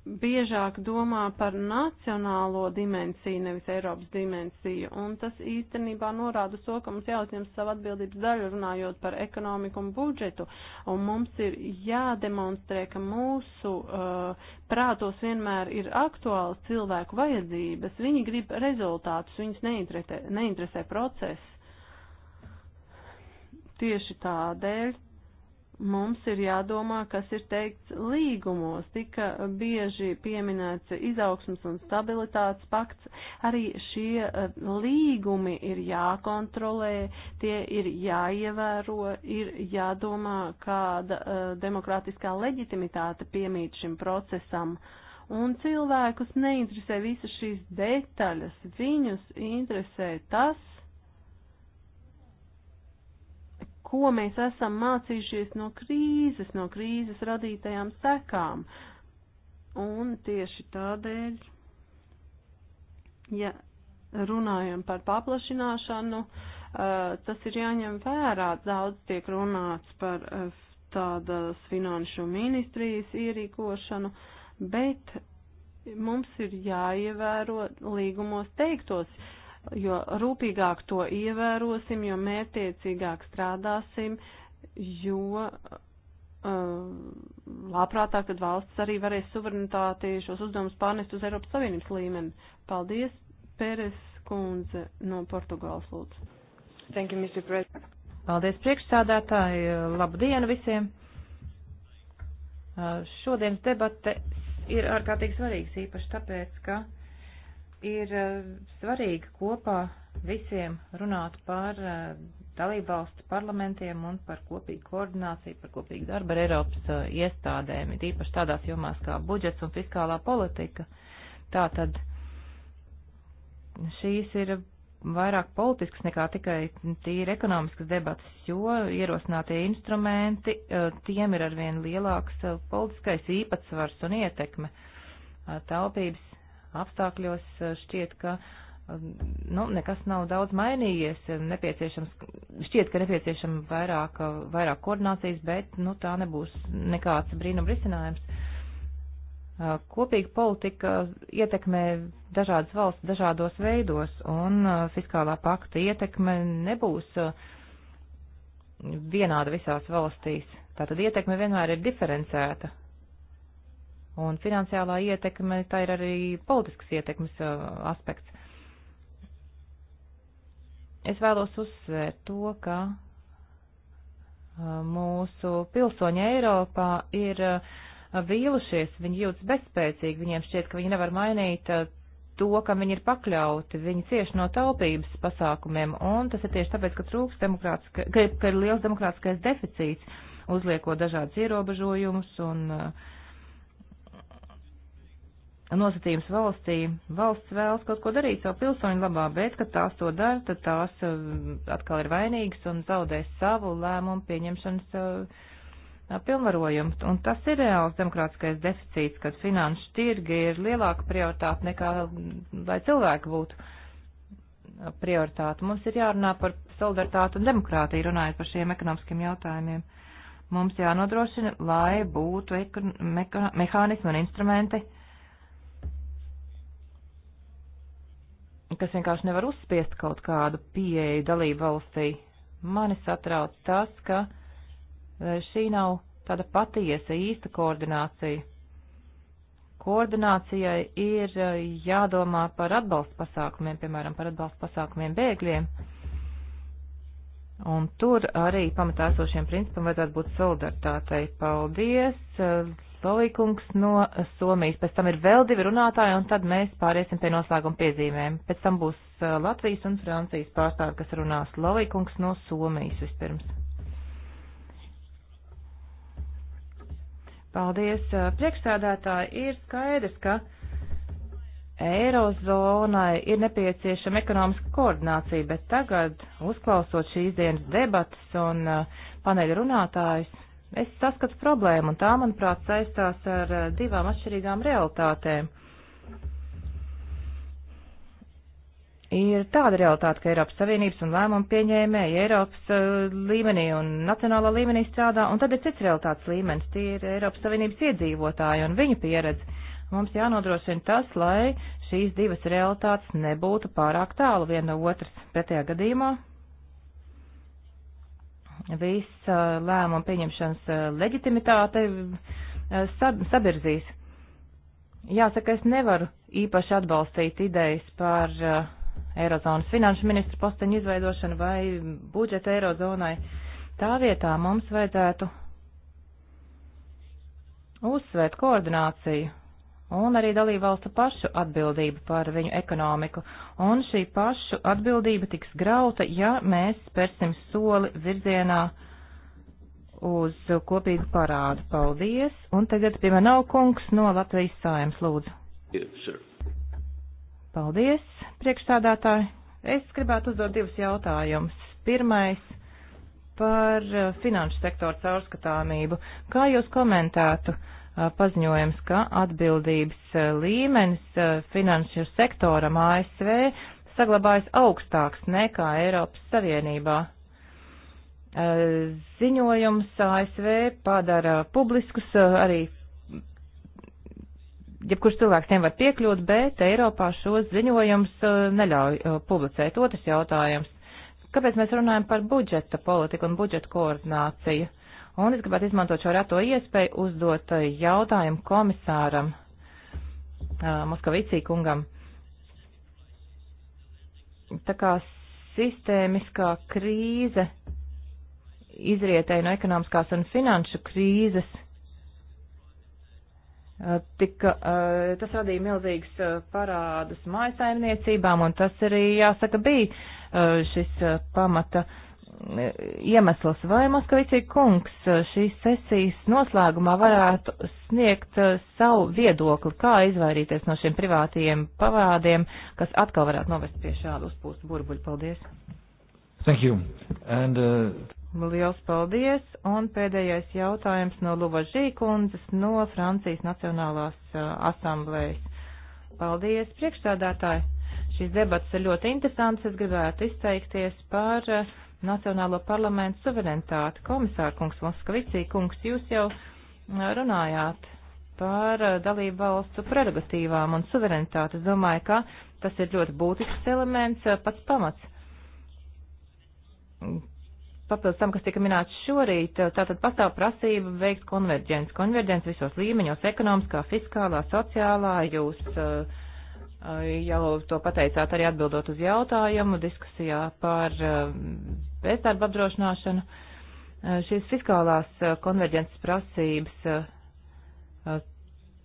biežāk domā par nacionālo dimensiju, nevis Eiropas dimensiju, un tas īstenībā norāda to, ka mums jāuzņem savu atbildības daļu runājot par ekonomiku un budžetu, un mums ir jādemonstrē, ka mūsu uh, prātos vienmēr ir aktuāls cilvēku vajadzības, viņi grib rezultātus, viņus neinteresē, neinteresē process. Tieši tādēļ mums ir jādomā, kas ir teikts līgumos. Tika bieži pieminēts izaugsmas un stabilitātes pakts. Arī šie eh, līgumi ir jākontrolē, tie ir jāievēro, ir jādomā, kāda uh, demokrātiskā leģitimitāte piemīt šim procesam. Un cilvēkus neinteresē visas šīs detaļas, viņus interesē tas, ko mēs esam mācījušies no krīzes, no krīzes radītajām sekām. Un tieši tādēļ, ja runājam par paplašināšanu, eh, tas ir jāņem vērā. Daudz tiek runāts par eh, tādas finanšu ministrijas ierīkošanu, bet mums ir jāievēro līgumos teiktos jo rūpīgāk to ievērosim, jo mērtiecīgāk strādāsim, jo uh, labprātāk tad valsts arī varēs suverenitāti šos uzdevumus pārnest uz Eiropas Savienības līmeni. Paldies, Pēres kundze no Portugāles lūdzu. Thank you, Mr. President. Paldies priekšsādātāji, labu dienu visiem. Uh, šodienas debate ir ārkārtīgi svarīgs īpaši tāpēc, ka ir eh, svarīgi kopā visiem runāt par eh, dalībvalstu parlamentiem un par kopīgu koordināciju, par kopīgu darbu ar Eiropas eh, iestādēm, it īpaši tādās jomās kā budžets un fiskālā politika. Tātad šīs ir vairāk politisks nekā tikai tīri ekonomiskas debatas, jo ierosinātie instrumenti, tiem ir arvien lielāks politiskais īpatsvars un ietekme. Taupības apstākļos eh, šķiet, ka eh, nu, nekas nav daudz mainījies. Eh, nepieciešams, šķiet, ka nepieciešama vairāk, vairāk koordinācijas, bet nu, tā nebūs nekāds brīnum risinājums. Kopīga politika ietekmē dažādas valsts dažādos veidos, un fiskālā pakta ietekme nebūs vienāda visās valstīs. Tātad ietekme vienmēr ir diferencēta. Un finansiālā ietekme, tā ir arī politisks ietekmes uh, aspekts. Es vēlos uzsvērt to, ka uh, mūsu pilsoņi Eiropā ir uh, vīlušies, viņi jūtas bezspēcīgi, viņiem šķiet, ka viņi nevar mainīt to, kam viņi ir pakļauti. Viņi cieši no taupības pasākumiem, un tas ir tieši tāpēc, ka trūks demokrātiskais, ka, ka ir liels demokrātiskais deficīts, uzliekot dažādas ierobežojumus un uh, nosacījums valstī. Valsts vēlas kaut ko darīt savu pilsoņu labā, bet, kad tās to dara, tad tās uh, atkal ir vainīgas un zaudēs savu lēmumu pieņemšanas uh, uh, pilnvarojums. Un tas ir reāls demokrātiskais deficīts, kad finanšu tirgi ir lielāka prioritāte nekā, mm, lai cilvēki būtu prioritāte. Mums ir jārunā par solidaritāti un demokrātiju, runājot par šiem ekonomiskiem jautājumiem mums jānodrošina, lai būtu mehānismi un instrumenti, kas vienkārši nevar uzspiest kaut kādu pieeju dalību valstī. Mani satrauc tas, ka e, šī nav tāda patiesa īsta koordinācija. Koordinācijai ir e, jādomā par atbalstu pasākumiem, piemēram, par atbalstu pasākumiem bēgļiem. Un tur arī pamatāsošiem principam vajadzētu būt solidaritātei. Paldies! E, Solīkungs no Somijas. Pēc tam ir vēl divi runātāji, un tad mēs pāriesim pie noslēguma piezīmēm. Pēc tam būs uh, Latvijas un Francijas pārstāvi, kas runās Solīkungs no Somijas vispirms. Paldies, uh, priekšsēdētāji. Ir skaidrs, ka Eirozonai ir nepieciešama ekonomiska koordinācija, bet tagad, uzklausot šīs dienas debatas un uh, paneļa runātājus, Es saskatu problēmu, un tā, manuprāt, saistās ar eh, divām atšķirīgām realitātēm. Ir tāda realitāte, ka Eiropas Savienības un lēmumu pieņēmēji Eiropas uh, līmenī un nacionālā līmenī strādā, un tad ir cits realitātes līmenis, tie ir Eiropas Savienības iedzīvotāji un viņu pieredze. Mums jānodrošina tas, lai šīs divas realitātes nebūtu pārāk tālu viena no otras. Pretējā gadījumā visa uh, lēmuma pieņemšanas uh, leģitimitāte uh, sabirzīs. Jāsaka, es nevaru īpaši atbalstīt idejas par Eirozonas finanšu ministru posteņu izveidošanu vai budžetu Eirozonai. Tā vietā mums vajadzētu uzsvērt koordināciju un arī dalībvalstu pašu atbildība par viņu ekonomiku, un šī pašu atbildība tiks grauta, ja mēs spērsim soli virzienā uz kopīgu parādu. Paldies, un tagad pie manau kungs no Latvijas sājums lūdzu. Yes, Paldies, priekšstādātāji. Es gribētu uzdot divus jautājumus. Pirmais par eh, finanšu sektoru caurskatāmību. Kā jūs komentētu? Uh, paziņojums, ka atbildības līmenis finanšu sektoram ASV saglabājas augstāks nekā Eiropas Savienībā. Ziņojums ASV padara publiskus arī jebkurš cilvēks tiem var piekļūt, bet Eiropā šos ziņojums neļauj publicēt. Otrs jautājums. Kāpēc mēs runājam par budžeta politiku un budžeta koordināciju? Uh, Un es gribētu izmantot šo reto iespēju uzdot eh, jautājumu komisāram eh, Moskavicī kungam. Tā kā sistēmiskā krīze izrietēja no ekonomiskās un finanšu krīzes, eh, tika, tas radīja milzīgas parādus mājasaimniecībām, un tas arī, jāsaka, bija šis pamata uh, iemesls, vai Moskavicī kungs šīs sesijas noslēgumā varētu sniegt uh, savu viedokli, kā izvairīties no šiem privātajiem pavādiem, kas atkal varētu novest pie šādu uzpūstu burbuļu. Paldies! Thank you. And, uh... Liels paldies! Un pēdējais jautājums no Luva Žīkundzes no Francijas Nacionālās uh, asamblējas. Paldies, priekšstādātāji! Šīs debats ir ļoti interesants. Es gribētu izteikties par uh, Nacionālo parlamentu suverenitāti. Komisāra kungs Moskavicī kungs, jūs jau runājāt par dalību valstu prerogatīvām un suverenitāti. Es domāju, ka tas ir ļoti būtisks elements, pats pamats. Papildus tam, kas tika minēts šorīt, tātad pastāv prasība veikt konverģents. Konverģents visos līmeņos - ekonomiskā, fiskālā, sociālā. Jūs uh, jau to pateicāt arī atbildot uz jautājumu diskusijā par bezdarba apdrošināšanu. Eh, šīs fiskālās eh, konverģences prasības eh,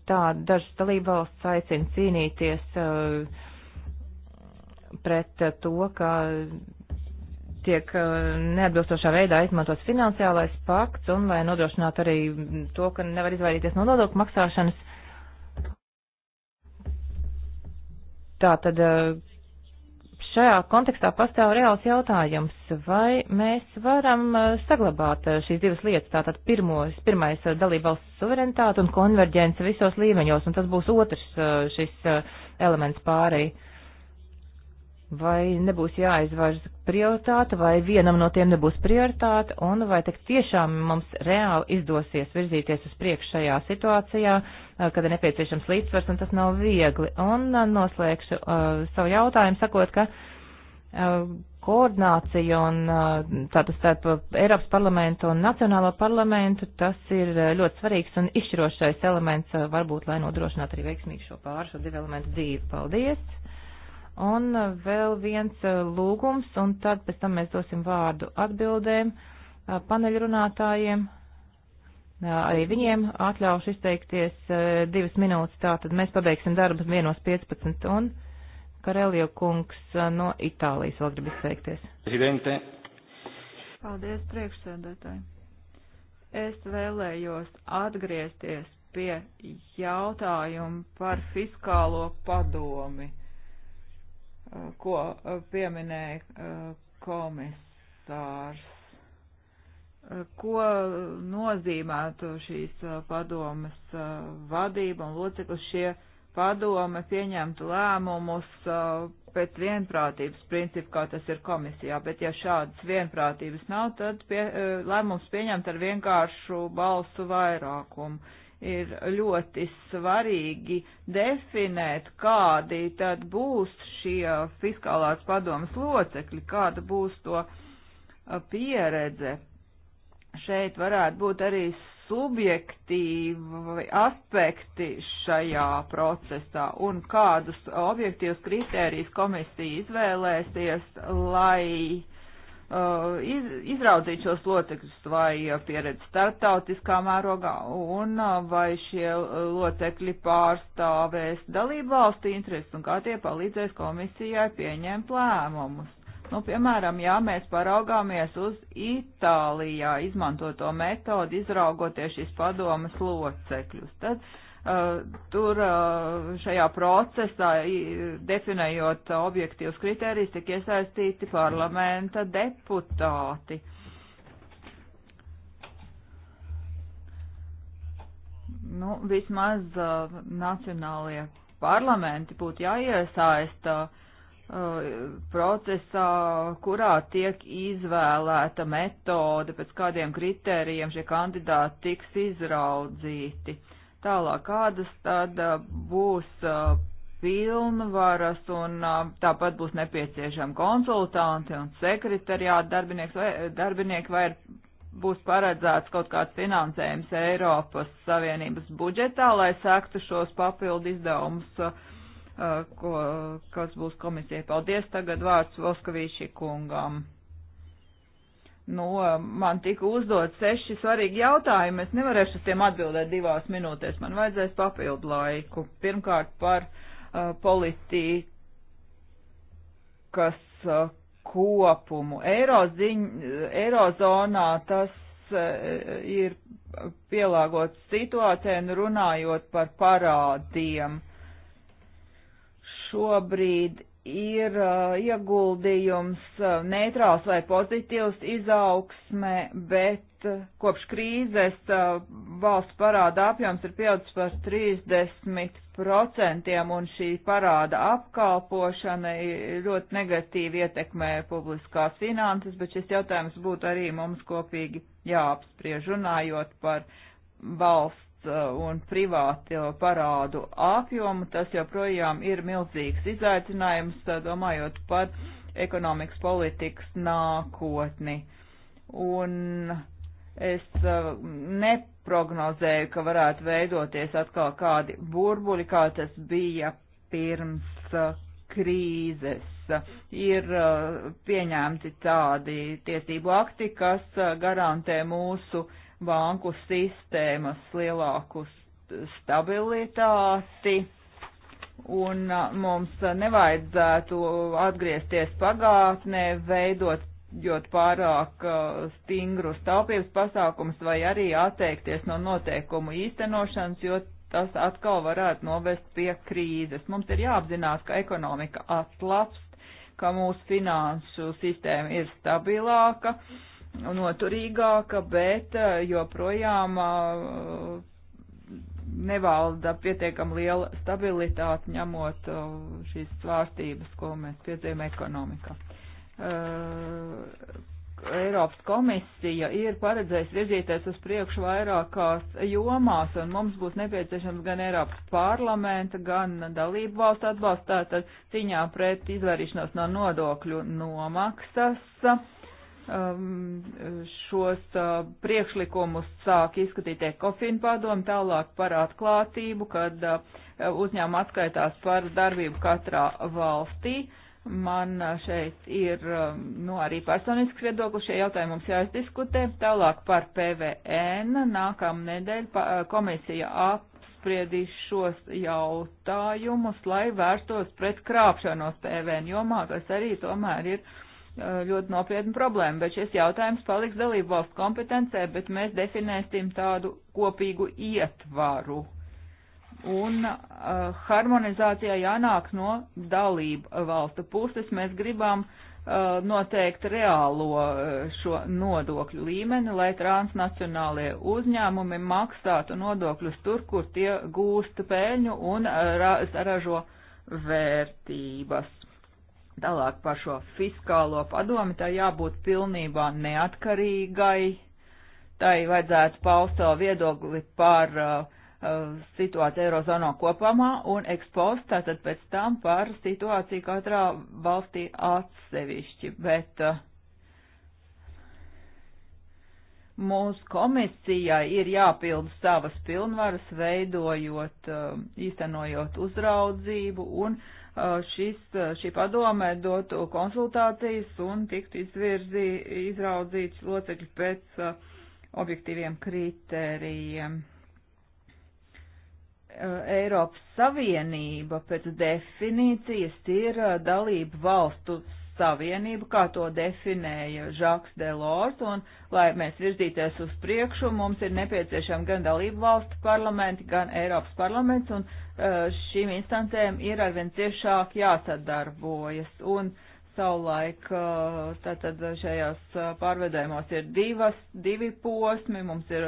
tā dažas dalībvalsts aicina cīnīties pret to, ka tiek neatbilstošā veidā izmantots finansiālais pakts un lai nodrošinātu arī to, ka nevar izvairīties no nodokļu maksāšanas. Tā tad šajā kontekstā pastāv reāls jautājums, vai mēs varam uh, saglabāt uh, šīs divas lietas, tātad pirmos, pirmais uh, dalībvalsts suverenitāte un konverģence visos līmeņos, un tas būs otrs šis elements pārēj vai nebūs jāizvērz prioritāte, vai vienam no tiem nebūs prioritāte, un vai tik tiešām mums reāli izdosies virzīties uz priekšu šajā situācijā, eh, kad ir nepieciešams līdzsvars, un tas nav viegli. Un eh, noslēgšu uh, savu jautājumu, sakot, ka uh, koordinācija un uh, tātad starp Eiropas parlamentu un Nacionālo parlamentu, tas ir ļoti svarīgs un izšķirošais elements, varbūt, lai nodrošinātu arī veiksmīgu šo pāršu divu elementu dzīvi. Paldies! Un vēl viens uh, lūgums, un tad pēc tam mēs dosim vārdu atbildēm uh, paneļrunātājiem. Uh, arī viņiem atļaušu izteikties divas minūtes, tātad mēs pabeigsim darbu 1.15. un Karelio kungs no Itālijas vēl grib izteikties. Presidente. Paldies priekšsēdētāji. Es vēlējos atgriezties pie jautājuma par fiskālo padomi ko eh, pieminēja eh, komisārs. Eh, ko nozīmētu šīs padomas vadība un locekli šie padome pieņemtu lēmumus pēc vienprātības principu, kā tas ir komisijā, bet ja šādas vienprātības nav, tad pie, lēmums pieņemt ar vienkāršu balsu vairākumu ir ļoti svarīgi definēt, kādi tad būs šie fiskālās padomas locekļi, kāda būs to pieredze. Šeit varētu būt arī subjektīvi aspekti šajā procesā un kādus objektīvus kritērijus komisija izvēlēsies, lai uh, Uh, izraudzīt šos locekļus vai pieredzi starptautiskā mērogā un uh, vai šie uh, locekļi pārstāvēs dalību valstu intereses un kā tie palīdzēs komisijai pieņemt lēmumus. Nu, piemēram, ja mēs paraugāmies uz Itālijā izmantoto metodu, izraugoties šīs padomas locekļus, tad uh, Eh, tur eh, šajā procesā, definējot objektīvus kriterijus, tik iesaistīti parlamenta deputāti. Nu, vismaz eh, nacionālie parlamenti būtu jāiesaista procesā, kurā tiek izvēlēta metode, pēc kādiem kritērijiem šie kandidāti tiks izraudzīti Tālāk, kādas tad būs pilnvaras un tāpat būs nepieciešami konsultanti un sekretariāti darbinieki vai, darbinieki vai būs paredzēts kaut kāds finansējums Eiropas Savienības budžetā, lai sektu šos papildu izdevumus, ko, kas būs komisijai. Paldies, tagad vārds Voskavīši kungam. Nu, man tika uzdot seši svarīgi jautājumi, es nevarēšu uz tiem atbildēt divās minūtēs, man vajadzēs papildu laiku. Pirmkārt par uh, politikas uh, kopumu. Eiroziņ, Eirozonā tas uh, ir pielāgots situācijai un runājot par parādiem. Šobrīd ir uh, ieguldījums uh, neitrāls vai pozitīvs izaugsmē, bet uh, kopš krīzes uh, valsts parāda apjoms ir pieaudzis par 30% un šī parāda apkalpošana ļoti negatīvi ietekmē publiskās finanses, bet šis jautājums būtu arī mums kopīgi jāapspriež runājot par valsts Uh, un privāto uh, parādu apjomu, tas joprojām ir milzīgs izaicinājums, domājot par ekonomikas politikas nākotni. Un es uh, neprognozēju, ka varētu veidoties atkal kādi burbuļi, kā tas bija pirms krīzes. Ir pieņemti tādi tiesību akti, kas garantē mūsu uh, banku sistēmas lielāku stabilitāti. Un mums nevajadzētu atgriezties pagātnē, veidot jot pārāk stingru staupības pasākumus vai arī atteikties no noteikumu īstenošanas, jo tas atkal varētu novest pie krīzes. Mums ir jāapzinās, ka ekonomika atlapst, ka mūsu finanšu sistēma ir stabilāka. Uh, noturīgāka, bet eh, joprojām eh, nevalda pietiekam liela stabilitāte ņemot eh, šīs svārstības, ko mēs piedzīvojam ekonomikā. Eiropas komisija ir paredzējusi virzīties uz priekšu vairākās jomās, un mums būs nepieciešams gan Eiropas parlamenta, gan dalību valstu atbalsts, tātad ciņā pret izvairīšanos no nodokļu nomaksas. Uh, Um, šos uh, priekšlikumus sāk izskatīt ekofin padomu, tālāk par atklātību, kad uh, uzņēma atskaitās par darbību katrā valstī. Man uh, šeit ir um, nu, arī personisks viedoklis, šie jautājumi mums jāizdiskutē. Tālāk par PVN nākamā nedēļa komisija apspriedīs šos jautājumus, lai vērstos pret krāpšanos PVN jomā. Tas arī tomēr ir uh, Uh, ļoti nopietna problēma, bet šis jautājums paliks dalību valsts kompetencē, bet mēs definēsim tādu kopīgu ietvaru. Un uh, harmonizācijā jānāk no dalību valsta puses. Mēs gribam uh, noteikt reālo uh, šo nodokļu līmeni, lai transnacionālie uzņēmumi maksātu nodokļus tur, kur tie gūst peļņu un uh, ra ražo vērtības Tālāk par šo fiskālo padomi, tā jābūt pilnībā neatkarīgai, tai vajadzētu paust savu viedokli par uh, uh, situāciju Eirozonā kopumā un ekspost, tātad pēc tam par situāciju katrā valstī atsevišķi. Bet uh, mūsu komisijai ir jāpilda savas pilnvaras, veidojot, uh, īstenojot uzraudzību un uh, šis, šī padome dotu konsultācijas un tiktu izvirzī, izraudzīts locekļi pēc objektīviem kritērijiem. Eiropas Savienība pēc definīcijas ir dalību valstu Savienību, kā to definēja Žaks Delors, un lai mēs virzīties uz priekšu, mums ir nepieciešama gan dalību valstu parlamenti, gan Eiropas parlaments, un eh, šīm instancēm ir arvien ciešāk jāsadarbojas. Un savulaik eh, tātad šajās eh, pārvedējumos ir divas, divi posmi, mums ir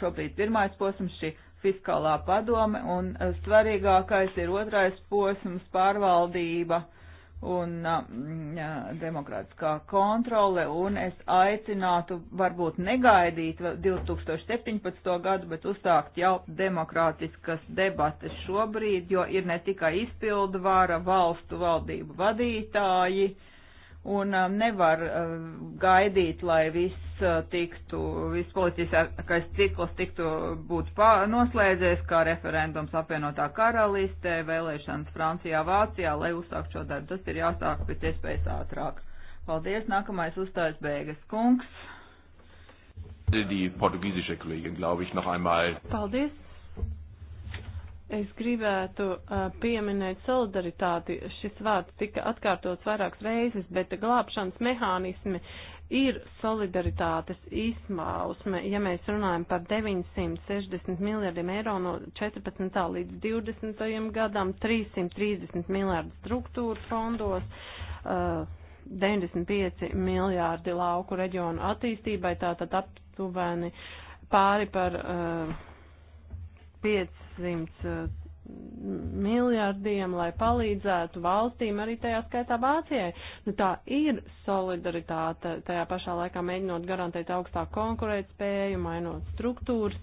šobrīd pirmais posms, šī fiskālā padome, un svarīgākais ir otrais posms pārvaldība. Uh, un mm, demokrātiskā kontrole, un es aicinātu varbūt negaidīt 2017. gadu, bet uzsākt jau demokrātiskas debates šobrīd, jo ir ne tikai izpildu vāra valstu valdību vadītāji, uh, un um, nevar uh, gaidīt, lai viss uh, tiktu, viss politiskais cikls tiktu būt noslēdzies, kā referendums apvienotā karalistē, vēlēšanas Francijā, Vācijā, lai uzsākt šo darbu. Tas ir jāsāk pēc iespējas ātrāk. Paldies, nākamais uzstājas Bēgas kungs. Die portugiesische Kollegin, glaube ich, noch einmal. Paldies, Es gribētu uh, pieminēt solidaritāti. Šis vārds tika atkārtots vairākas reizes, bet glābšanas mehānismi ir solidaritātes izmausme. Ja mēs runājam par 960 miljardiem eiro no 14. līdz 20. gadam, 330 miljardu struktūra fondos, uh, 95 miljārdi lauku reģionu attīstībai, tātad aptuveni pāri par. Uh, 5 400 eh, miljardiem, lai palīdzētu valstīm, arī tajā skaitā Vācijai. Nu, tā ir solidaritāte, tajā pašā laikā mēģinot garantēt augstāku konkurētspēju, mainot struktūras.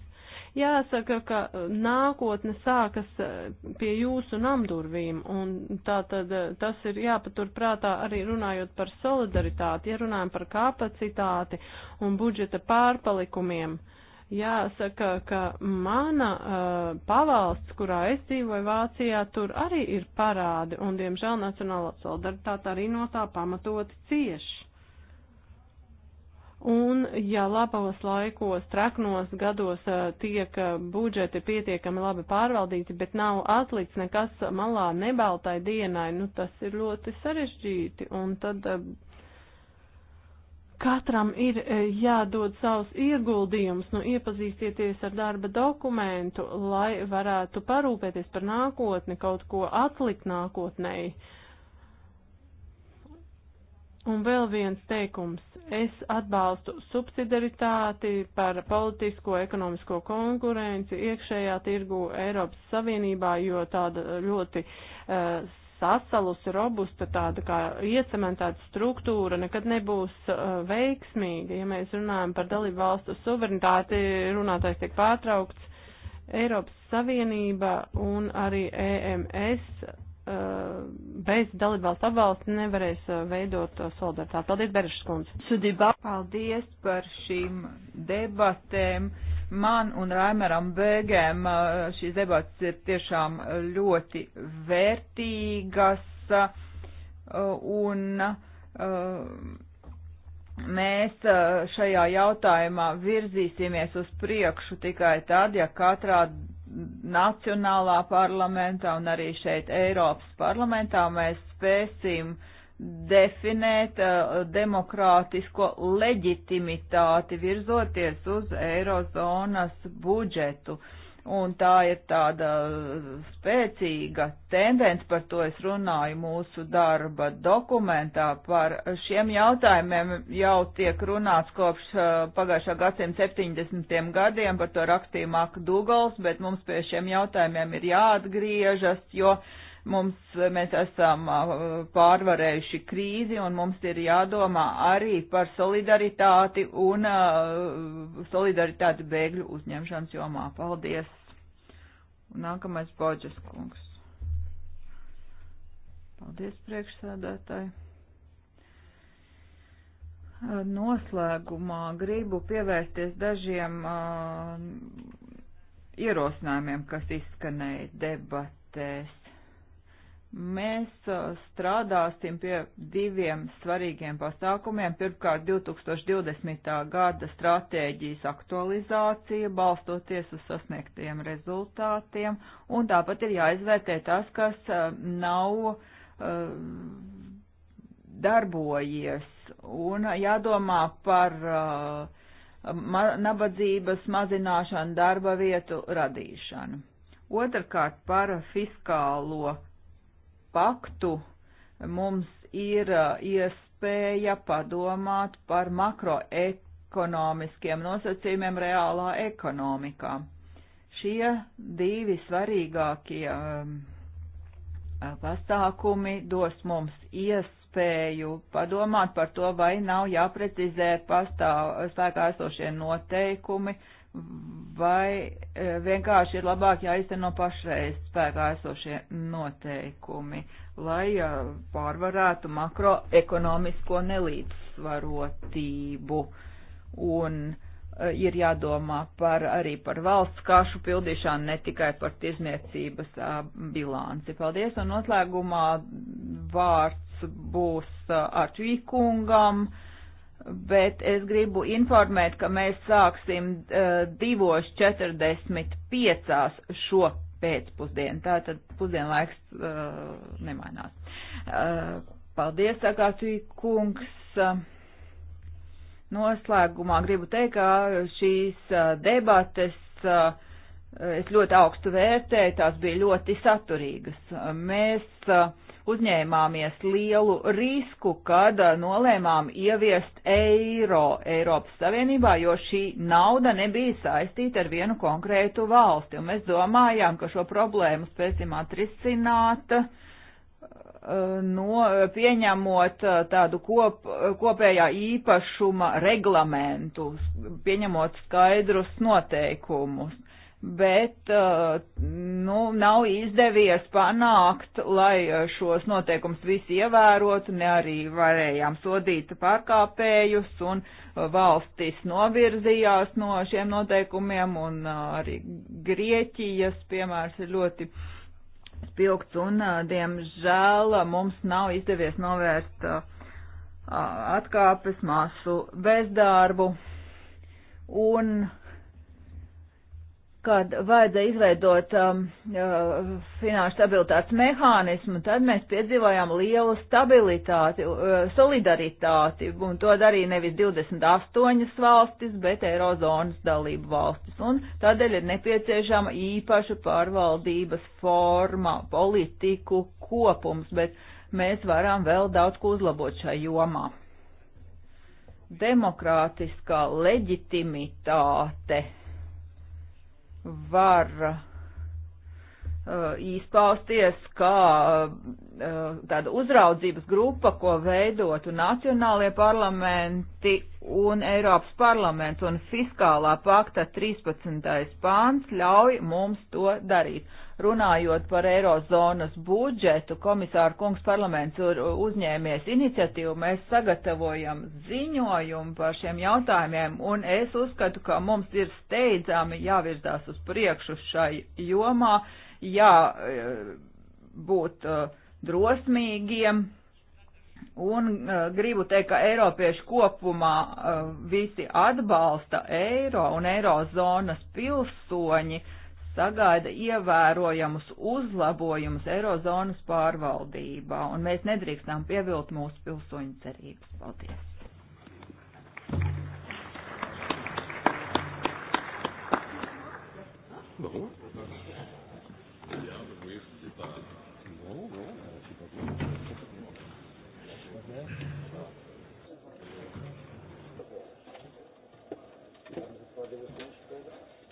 Jāsaka, ka eh, nākotne sākas eh, pie jūsu namdurvīm, un tā tad tas ir jāpatur prātā arī runājot par solidaritāti, ja runājam par kapacitāti un budžeta pārpalikumiem. Uh, Jāsaka, ka mana uh, pavalsts, kurā es dzīvoju Vācijā, tur arī ir parādi, un, diemžēl, Nacionālā solidaritāte arī no tā pamatoti cieši. Un, ja labos laikos, traknos gados uh, tiek uh, budžeti pietiekami labi pārvaldīti, bet nav atlicis nekas malā nebaltai dienai, nu tas ir ļoti sarežģīti. Un tad uh, Katram ir e, jādod savs ieguldījums, nu iepazīstieties ar darba dokumentu, lai varētu parūpēties par nākotni, kaut ko atlikt nākotnēji. Un vēl viens teikums. Es atbalstu subsidiaritāti par politisko, ekonomisko konkurenci iekšējā tirgu Eiropas Savienībā, jo tāda ļoti uh, sasalusi, robusta, tāda kā iecementēta struktūra nekad nebūs uh, veiksmīga. Ja mēs runājam par dalību valstu suverenitāti, runātājs tiek pārtraukts. Eiropas Savienība un arī EMS uh, bez dalību valstu atbalsta nevarēs uh, veidot uh, solidaritāti. Paldies, Berešs kundze. Paldies par šīm debatēm Man un Raimaram Bēgēm uh, šīs debats ir tiešām ļoti vērtīgas uh, un uh, mēs šajā jautājumā virzīsimies uz priekšu tikai tad, ja katrā nacionālā parlamentā un arī šeit Eiropas parlamentā mēs spēsim uh, definēt uh, demokrātisko leģitimitāti virzoties uz eirozonas budžetu. Un tā ir tāda spēcīga tendence, par to es runāju mūsu darba dokumentā. Par šiem jautājumiem jau tiek runāts kopš uh, pagājušā gadsimta 70. gadiem, par to rakstīja Maka Dugals, bet mums pie šiem jautājumiem ir jāatgriežas, jo uh, Mums, eh, mēs esam eh, pārvarējuši krīzi un mums ir jādomā arī par solidaritāti un eh, solidaritāti bēgļu uzņemšanas jomā. Paldies! Un nākamais Boģes kungs. Paldies priekšsēdētāji. Noslēgumā gribu pievērsties dažiem uh, ierosinājumiem, kas izskanēja debatēs mēs uh, strādāsim pie diviem svarīgiem pasākumiem. Pirmkārt, 2020. gada stratēģijas aktualizācija, balstoties uz sasniegtiem rezultātiem, un tāpat ir jāizvērtē tas, kas uh, nav uh, darbojies, un jādomā par nabadzības mazināšanu, darba vietu radīšanu. Otrakārt, par fiskālo paktu mums ir uh, iespēja padomāt par makroekonomiskiem nosacījumiem reālā ekonomikā. Šie divi svarīgākie um, uh, pasākumi dos mums iespēju padomāt par to, vai nav jāprecizē pastāv spēkā esošie noteikumi, vai e, vienkārši ir labāk jāizteno pašreiz spēkā esošie noteikumi, lai e, pārvarētu makroekonomisko nelīdzsvarotību. Un e, ir jādomā par, arī par valsts kašu pildīšanu, ne tikai par tirzniecības bilanci. Paldies, un noslēgumā vārds būs Arčvīkungam. kungam bet es gribu informēt, ka mēs sāksim uh, eh, 2.45 šo pēcpusdienu. Tātad pusdienlaiks uh, nemainās. Uh, paldies, Sakātī kungs. Noslēgumā gribu teikt, ka šīs debates es ļoti augstu vērtēju, tās bija ļoti saturīgas. Mēs uh, uzņēmāmies lielu risku, kad eh, nolēmām ieviest eiro Eiropas Savienībā, jo šī nauda nebija saistīta ar vienu konkrētu valsti. Un mēs domājām, ka šo problēmu spēsim atrisināt eh, no, pieņemot eh, tādu kop, kopējā īpašuma reglamentu, pieņemot skaidrus noteikumus bet uh, nu, nav izdevies panākt, lai uh, šos noteikums visi ievērotu, ne arī varējām sodīt pārkāpējus, un uh, valstis novirzījās no šiem noteikumiem, un arī Grieķijas piemērs ir ļoti spilgts, un diemžēl mums nav izdevies novērst atkāpes masu bezdarbu. Un kad vajadzēja izveidot um, uh, finanšu stabilitātes mehānismu, tad mēs piedzīvojām lielu stabilitāti, uh, solidaritāti, un to darīja nevis 28 valstis, bet Eirozonas dalību valstis. Un tādēļ ir nepieciešama īpaša pārvaldības forma, politiku kopums, bet mēs varam vēl daudz ko uzlabot šajā jomā. Demokrātiskā leģitimitāte var uh, izpausties kā uh, uh, tāda uzraudzības grupa, ko veidotu nacionālie parlamenti un Eiropas parlaments, un fiskālā pakta 13. pāns ļauj mums to darīt runājot par Eirozonas budžetu, komisāra kungs parlaments ir uzņēmies iniciatīvu, mēs sagatavojam ziņojumu par šiem jautājumiem, un es uzskatu, ka mums ir steidzami jāvirzās uz priekšu šai jomā, jābūt e, e, drosmīgiem. Un uh, gribu teikt, ka Eiropieši kopumā uh, visi atbalsta eiro un eirozonas pilsoņi uh, sagaida ievērojamus uzlabojumus Eirozonas pārvaldībā, un mēs nedrīkstām pievilt mūsu pilsoņu cerības. Paldies! Bon.